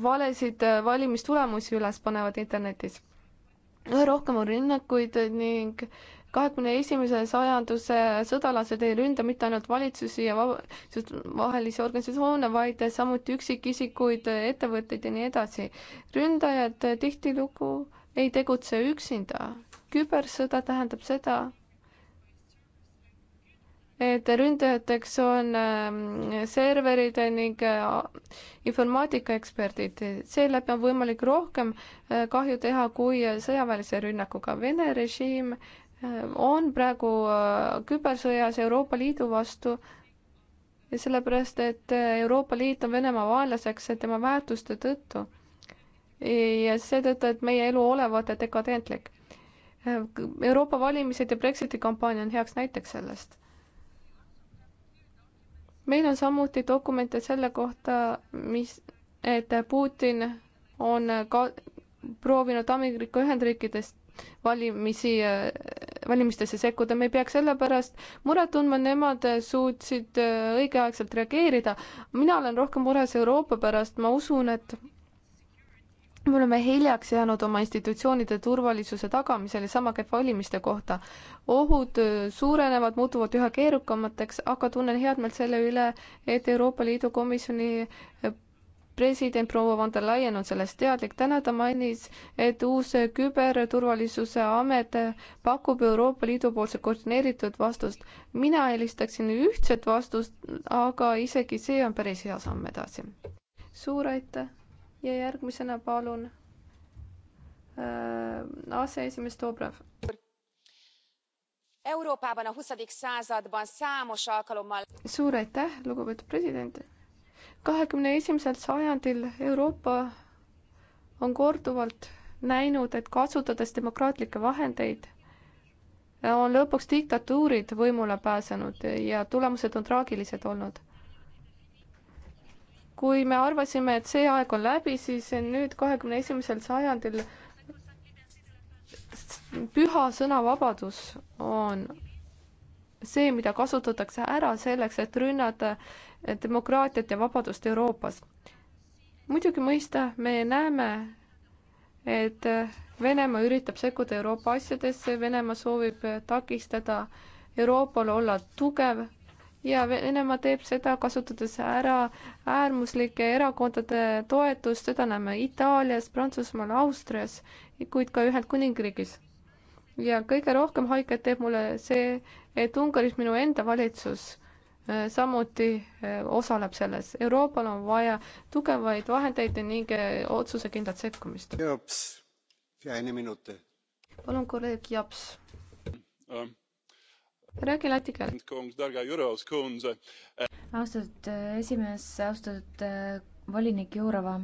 valesid valimistulemusi üles panevad internetis. üha rohkem on rünnakuid ning kahekümne esimese sajanduse sõdalased ei ründa mitte ainult valitsusi ja vahelisi organisatsioone, vaid samuti üksikisikuid, ettevõtteid ja nii edasi. ründajad tihtilugu ei tegutse üksinda. kübersõda tähendab seda, et ründajateks on ähm, serverid ning äh, informaatikaeksperdid. seeläbi on võimalik rohkem äh, kahju teha kui sõjaväelise rünnakuga. Vene režiim äh, on praegu kübersõjas Euroopa Liidu vastu, sellepärast et Euroopa Liit on Venemaa vaenlaseks tema väärtuste tõttu ja seetõttu, et meie elu olevat dekadentlik. Euroopa valimised ja Brexiti kampaania on heaks näiteks sellest meil on samuti dokumente selle kohta, mis, et Putin on ka proovinud Ameerika Ühendriikidest valimisi, valimistesse sekkuda, me ei peaks selle pärast muret tundma, nemad suutsid õigeaegselt reageerida. mina olen rohkem mures Euroopa pärast, ma usun, et me oleme hiljaks jäänud oma institutsioonide turvalisuse tagamisel ja sama käib valimiste kohta. ohud suurenevad, muutuvad üha keerukamateks, aga tunnen head meelt selle üle, et Euroopa Liidu Komisjoni president proua von der Leyen on sellest teadlik. täna ta mainis, et uus küberturvalisuse amet pakub Euroopa Liidu poolse koordineeritud vastust. mina eelistaksin ühtset vastust, aga isegi see on päris hea samm edasi. suur aitäh! ja järgmisena palun äh, aseesimees Dobrev. Európában a 20. században számos alkalommal. Suur aitäh, lugupeetud president. kahekümne esimesel sajandil Euroopa on korduvalt näinud, et kasutades demokraatlikke vahendeid, on lõpuks diktatuurid võimule pääsenud ja tulemused on traagilised olnud kui me arvasime, et see aeg on läbi, siis nüüd, kahekümne esimesel sajandil püha sõnavabadus on see, mida kasutatakse ära selleks, et rünnata demokraatiat ja vabadust Euroopas. muidugi mõista, me näeme, et Venemaa üritab sekkuda Euroopa asjadesse, Venemaa soovib takistada Euroopal olla tugev ja Venemaa teeb seda, kasutades ära äärmuslike erakondade toetust, seda näeme Itaalias, Prantsusmaal, Austrias, kuid ka Ühendkuningriigis. ja kõige rohkem haiget teeb mulle see, et Ungaris minu enda valitsus äh, samuti äh, osaleb selles. Euroopal on vaja tugevaid vahendeid ning äh, otsusekindlat sekkumist. palun, kolleeg Japs um räägi läti keeles. austatud äh, esimees, austatud äh, volinik Jurova.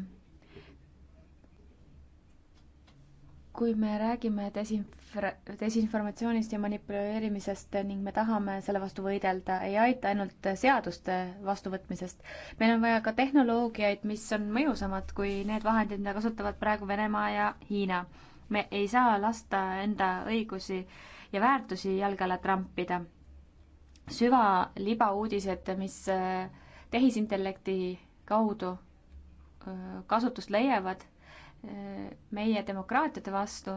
kui me räägime desinfra-, desinformatsioonist ja manipuleerimisest ning me tahame selle vastu võidelda, ei aita ainult seaduste vastuvõtmisest. meil on vaja ka tehnoloogiaid, mis on mõjusamad kui need vahendid, mida kasutavad praegu Venemaa ja Hiina. me ei saa lasta enda õigusi äh, ja väärtusi jalge alla trampida. süvalibauudised, mis äh, tehisintellekti kaudu äh, kasutust leiavad äh, meie demokraatiate vastu,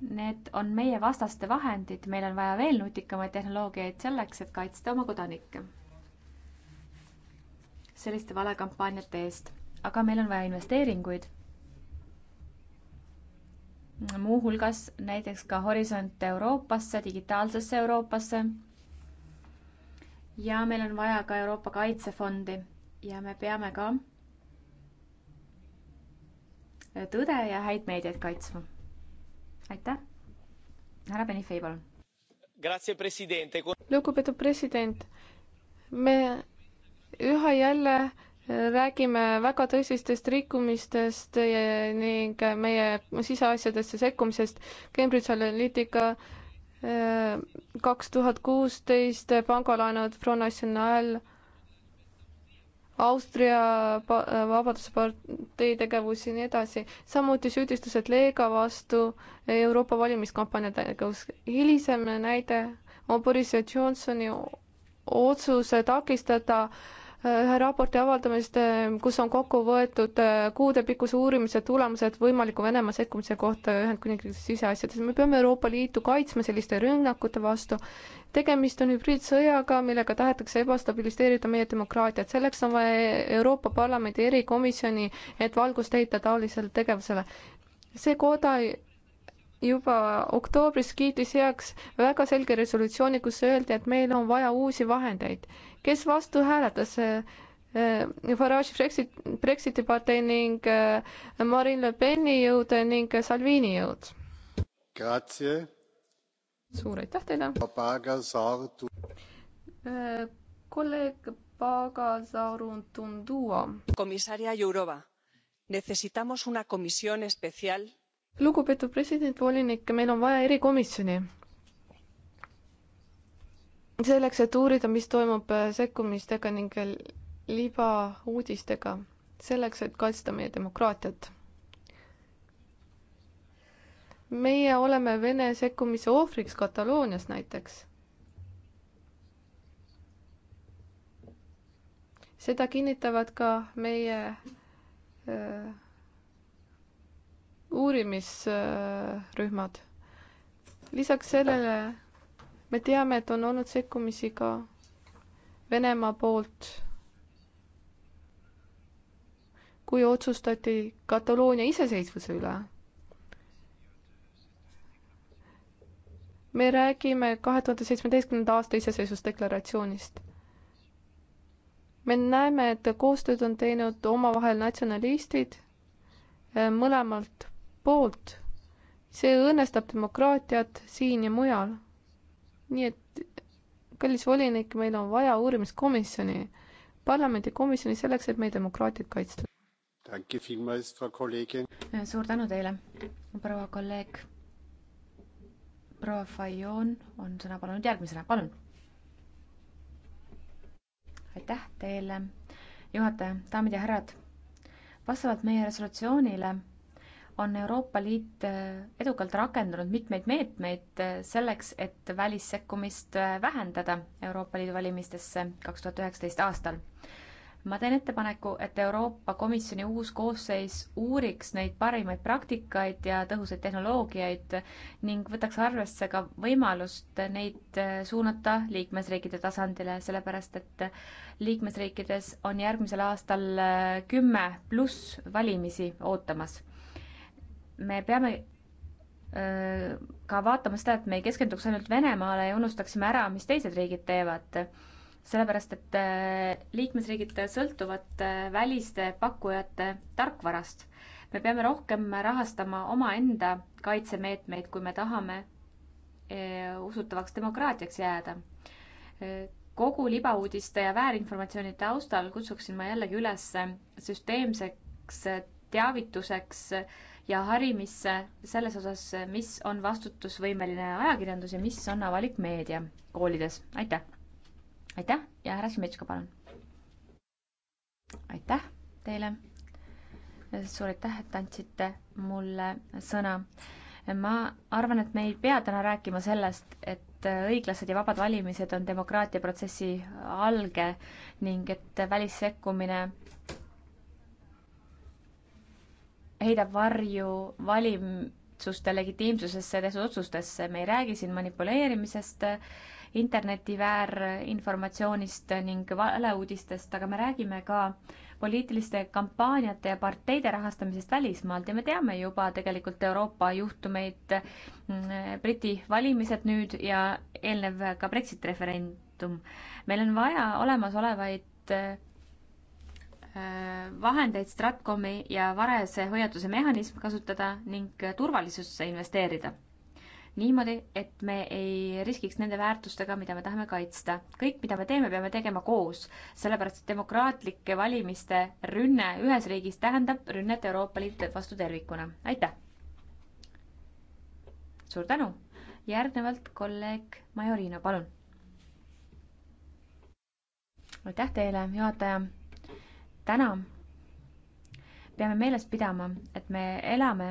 need on meie vastaste vahendid, meil on vaja veel nutikamaid tehnoloogiaid selleks, et kaitsta oma kodanikke selliste valekampaaniate eest, aga meil on vaja investeeringuid muuhulgas näiteks ka Horisont Euroopasse, digitaalsesse Euroopasse. ja meil on vaja ka Euroopa Kaitsefondi ja me peame ka tõde ja häid meediaid kaitsma. aitäh. härra Benifei, palun. lugupeetud president, me üha jälle räägime väga tõsistest rikkumistest ning meie siseasjadesse sekkumisest. Cambridge Analytica äh, kaks tuhat kuusteist pangalaenud Front National, Austria Vabaduspartei tegevus ja nii edasi. samuti süüdistused Leega vastu Euroopa valimiskampaania tegevus. hilisem näide on Boris Johnsoni otsus takistada äh, ühe raporti avaldamist, eh, kus on kokku võetud eh, kuudepikkuse uurimise tulemused võimaliku Venemaa sekkumise kohta Ühendkuningriigi siseasjades. me peame Euroopa Liitu kaitsma selliste rünnakute vastu. tegemist on hübriidsõjaga, millega tahetakse ebastabiliseerida meie demokraatiat. selleks on vaja Euroopa Parlamendi erikomisjoni, et valgust heita taolisele tegevusele. see koda juba oktoobris kiitis heaks väga selge resolutsiooni, kus öeldi, et meil on vaja uusi vahendeid kes vastu hääletas äh, Farage'i Brexit, Brexiti partei ning äh, Marine Le Peni jõud ning Salvini jõud. suur aitäh teile. Äh, kolleeg Pagasaurun Tundua. komissaria Jurova, necesitamos una comisión especial. lugupeetud president, volinik, meil on vaja erikomisjoni selleks, et uurida, mis toimub äh, sekkumistega ning äh, libauudistega, selleks, et kaitsta meie demokraatiat. meie oleme Vene sekkumise ohvriks Kataloonias näiteks. seda kinnitavad ka meie äh, uurimisrühmad äh,. lisaks sellele me teame, et on olnud sekkumisi ka Venemaa poolt, kui otsustati Kataloonia iseseisvuse üle. me räägime kahe tuhande seitsmeteistkümnenda aasta iseseisvusdeklaratsioonist. me näeme, et koostööd on teinud omavahel natsionalistid eh, mõlemalt poolt. see õõnestab demokraatiat siin ja mujal nii et, kallis volinik, meil on vaja uurimiskomisjoni, parlamendikomisjoni selleks, et meie demokraatiat kaitsta. suur tänu teile, proua kolleeg. proua Fajon on sõna palunud järgmisena, palun. aitäh teile, juhataja, daamid ja härrad. vastavalt meie resolutsioonile on Euroopa Liit äh, edukalt rakendanud mitmeid meetmeid äh, selleks, et välissekkumist äh, vähendada Euroopa Liidu valimistesse kaks tuhat üheksateist aastal. ma teen ettepaneku, et Euroopa Komisjoni uus koosseis uuriks neid parimaid praktikaid ja tõhusaid tehnoloogiaid ning võtaks arvesse ka võimalust neid suunata liikmesriikide tasandile, sellepärast et liikmesriikides on järgmisel aastal kümme pluss valimisi ootamas me peame öö, ka vaatama seda, et me ei keskenduks ainult Venemaale ja unustaksime ära, mis teised riigid teevad. sellepärast, et öö, liikmesriigid sõltuvad öö, väliste pakkujate tarkvarast. me peame rohkem rahastama omaenda kaitsemeetmeid, kui me tahame usutavaks demokraatiaks jääda kogu libauudiste ja väärinformatsiooni taustal kutsuksin ma jällegi üles süsteemseks teavituseks ja harimisse selles osas, mis on vastutusvõimeline ajakirjandus ja mis on avalik meedia koolides. aitäh! aitäh ja härra Šimetška, palun! aitäh teile! suur aitäh, et andsite mulle sõna. ma arvan, et me ei pea täna rääkima sellest, et õiglased ja vabad valimised on demokraatia protsessi alge ning et välissekkumine heidab varju valitsuste legitiimsusesse ja tehtud otsustesse, me ei räägi siin manipuleerimisest, interneti väärinformatsioonist ning valeuudistest, aga me räägime ka poliitiliste kampaaniate ja parteide rahastamisest välismaalt ja me teame juba tegelikult Euroopa juhtumeid, mm, Briti valimised nüüd ja eelnev ka Brexit referendum. meil on vaja olemasolevaid vahendeid Stratkomi ja varajase hoiatuse mehhanism kasutada ning turvalisusse investeerida. niimoodi, et me ei riskiks nende väärtustega, mida me tahame kaitsta. kõik, mida me teeme, peame tegema koos, sellepärast et demokraatlike valimiste rünne ühes riigis tähendab rünnet Euroopa Liidu vastu tervikuna. aitäh! suur tänu! järgnevalt kolleeg Majorino, palun! aitäh teile, juhataja! täna peame meeles pidama, et me elame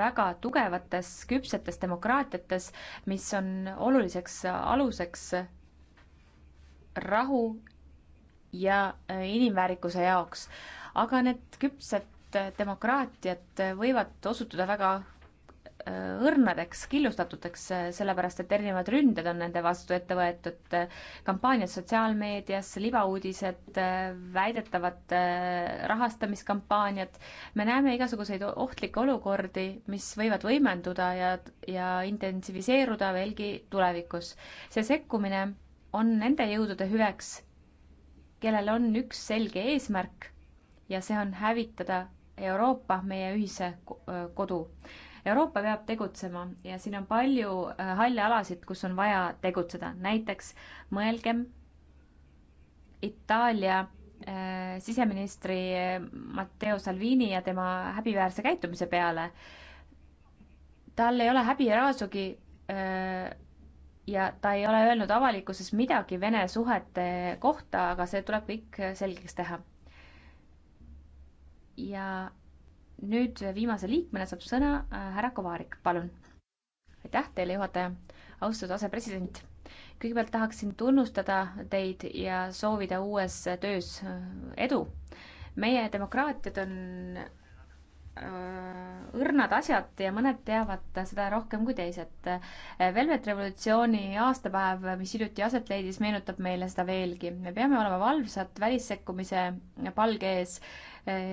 väga tugevates küpsetes demokraatiates, mis on oluliseks aluseks rahu ja äh, inimväärikuse jaoks. aga need küpsed demokraatiad võivad osutuda väga õrnadeks, killustatuteks, sellepärast et erinevad ründed on nende vastu ette võetud, kampaaniad sotsiaalmeedias, libauudised, väidetavad äh, rahastamiskampaaniad, me näeme igasuguseid ohtlikke olukordi, mis võivad võimenduda ja, ja intensiviseeruda veelgi tulevikus. see sekkumine on nende jõudude hüveks, kellel on üks selge eesmärk ja see on hävitada Euroopa, meie ühise kodu. Euroopa peab tegutsema ja siin on palju äh, halle alasid, kus on vaja tegutseda, näiteks mõelgem Itaalia äh, siseministri äh, Matteo Salvini ja tema häbiväärse käitumise peale. tal ei ole häbi raasugi ja ta ei ole öelnud avalikkuses midagi Vene suhete kohta, aga see tuleb kõik selgeks teha. ja nüüd viimase liikmena saab sõna äh, härra Kovarik, palun. aitäh teile, juhataja, austatud asepresident kõigepealt tahaksin tunnustada teid ja soovida uues töös äh, edu. meie demokraatiad on äh, õrnad asjad ja mõned teavad seda rohkem kui teised. Velvet revolutsiooni aastapäev, mis hiljuti aset leidis, meenutab meile seda veelgi. me peame olema valvsad välissekkumise palge ees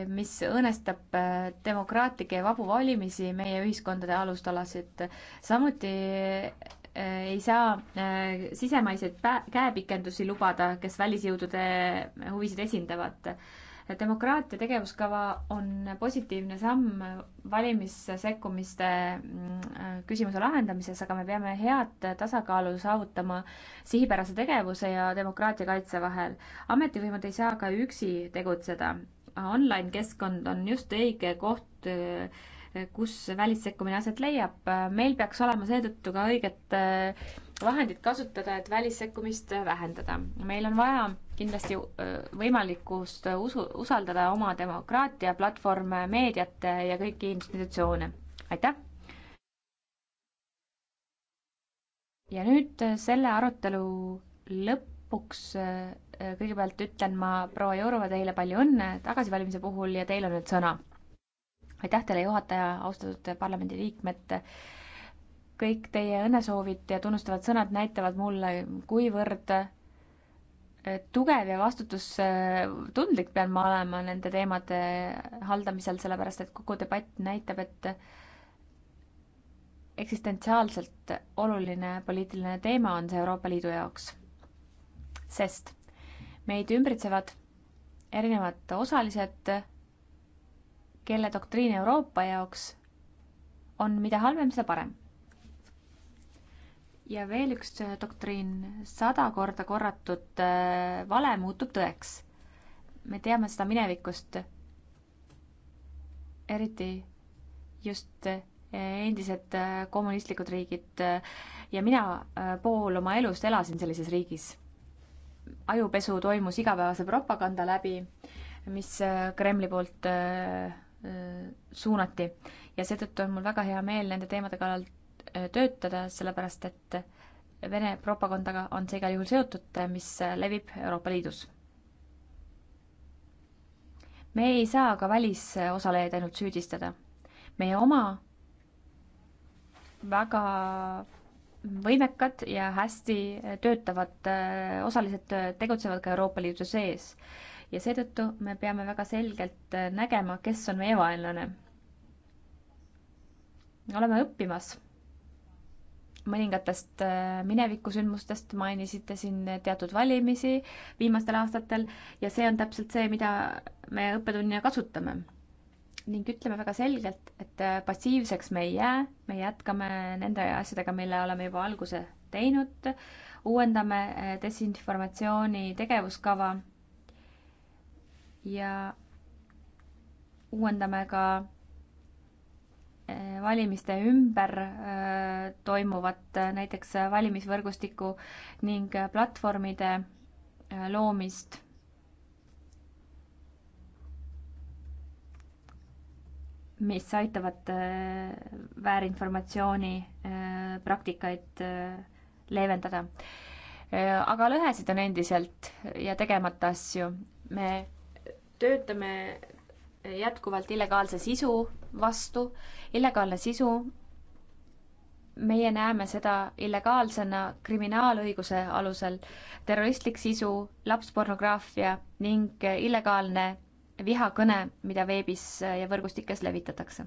mis õõnestab äh, demokraatlikke ja vabu valimisi meie ühiskondade alustalasid. samuti äh, ei saa äh, sisemaiseid käepikendusi lubada, kes välisjõudude huvisid esindavad demokraatia tegevuskava on positiivne samm valimissekkumiste mm, küsimuse lahendamises, aga me peame head tasakaalu saavutama sihipärase tegevuse ja demokraatia kaitse vahel. ametivõimud ei saa ka üksi tegutseda online keskkond on just õige koht, äh, kus välissekkumine aset leiab. meil peaks olema seetõttu ka õiget äh, vahendid kasutada, et välissekkumist äh, vähendada. meil on vaja kindlasti võimalikust usu, usaldada oma demokraatia platvorme, meediat ja kõiki institutsioone. aitäh! ja nüüd selle arutelu lõpuks kõigepealt ütlen ma proua Jourova teile palju õnne tagasivalimise puhul ja teil on nüüd sõna. aitäh teile, juhataja, austatud parlamendiliikmed. kõik teie õnnesoovid ja tunnustavad sõnad näitavad mulle, kuivõrd eh, tugev ja vastutustundlik eh, pean ma olema nende teemade haldamisel, sellepärast et kogu debatt näitab, et eksistentsiaalselt oluline poliitiline teema on see Euroopa Liidu jaoks. sest meid ümbritsevad erinevad osalised, kelle doktriin Euroopa jaoks on mida halvem, seda parem. ja veel üks doktriin, sada korda korratud äh, vale muutub tõeks. me teame seda minevikust, eriti just äh, endised äh, kommunistlikud riigid ja mina pool oma elust elasin sellises riigis ajupesu toimus igapäevase propaganda läbi, mis äh, Kremli poolt äh, äh, suunati. ja seetõttu on mul väga hea meel nende teemade kallal töötada, sellepärast et Vene propagandaga on see igal juhul seotud, mis levib Euroopa Liidus. me ei saa ka välisosalejaid ainult süüdistada. meie oma väga võimekad ja hästi töötavad äh, osalised äh, tegutsevad ka Euroopa Liidu sees. ja seetõttu me peame väga selgelt äh, nägema, kes on meie vaenlane. oleme õppimas mõningatest minevikusündmustest mainisite siin teatud valimisi viimastel aastatel ja see on täpselt see, mida me õppetunnina kasutame ning ütleme väga selgelt, et äh, passiivseks me ei jää, me jätkame nende asjadega, mille oleme juba alguse teinud, uuendame äh, desinformatsiooni tegevuskava ja uuendame ka äh, valimiste ümber toimuvat, näiteks valimisvõrgustiku ning platvormide loomist mis aitavad äh, väärinformatsiooni äh, praktikaid äh, leevendada. aga lõhesid on endiselt ja tegemata asju. me töötame jätkuvalt illegaalse sisu vastu, illegaalne sisu meie näeme seda illegaalsena kriminaalõiguse alusel. terroristlik sisu, lapspornograafia ning illegaalne vihakõne, mida veebis ja võrgustikes levitatakse.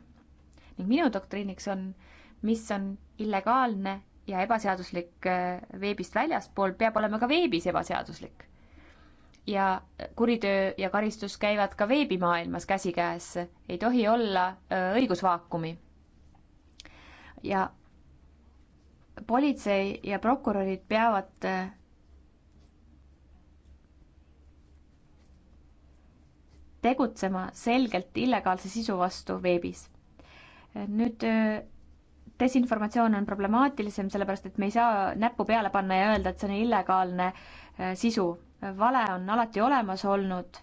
ning minu doktriiniks on, mis on illegaalne ja ebaseaduslik äh, veebist väljaspool, peab olema ka veebis ebaseaduslik. ja kuritöö ja karistus käivad ka veebimaailmas käsikäes, ei tohi olla äh, õigusvaakumi. ja politsei ja prokurörid peavad äh, tegutsema selgelt illegaalse sisu vastu veebis. nüüd desinformatsioon on problemaatilisem, sellepärast et me ei saa näppu peale panna ja öelda, et see on illegaalne sisu. vale on alati olemas olnud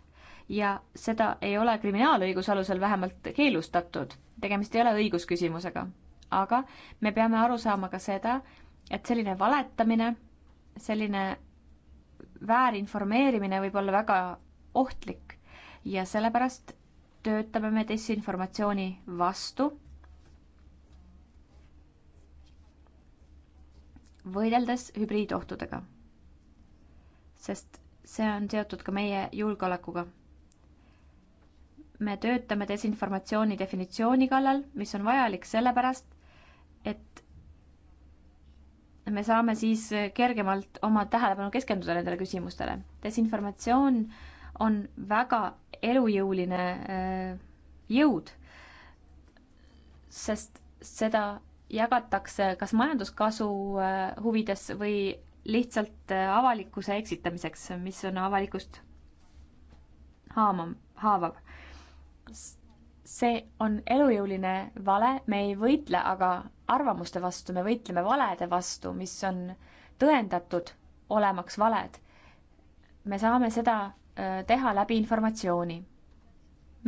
ja seda ei ole kriminaalõiguse alusel vähemalt keelustatud. tegemist ei ole õigusküsimusega. aga me peame aru saama ka seda, et selline valetamine, selline väärinformeerimine võib olla väga ohtlik ja sellepärast töötame me desinformatsiooni vastu. võideldes hübriidohtudega. sest see on seotud ka meie julgeolekuga. me töötame desinformatsiooni definitsiooni kallal, mis on vajalik sellepärast, et me saame siis kergemalt oma tähelepanu keskenduda nendele küsimustele. desinformatsioon on väga elujõuline äh, jõud, sest seda jagatakse kas majanduskasu äh, huvides või lihtsalt äh, avalikkuse eksitamiseks, mis on avalikkust haamam, haavav. see on elujõuline vale, me ei võitle aga arvamuste vastu, me võitleme valede vastu, mis on tõendatud olemaks valed. me saame seda teha läbi informatsiooni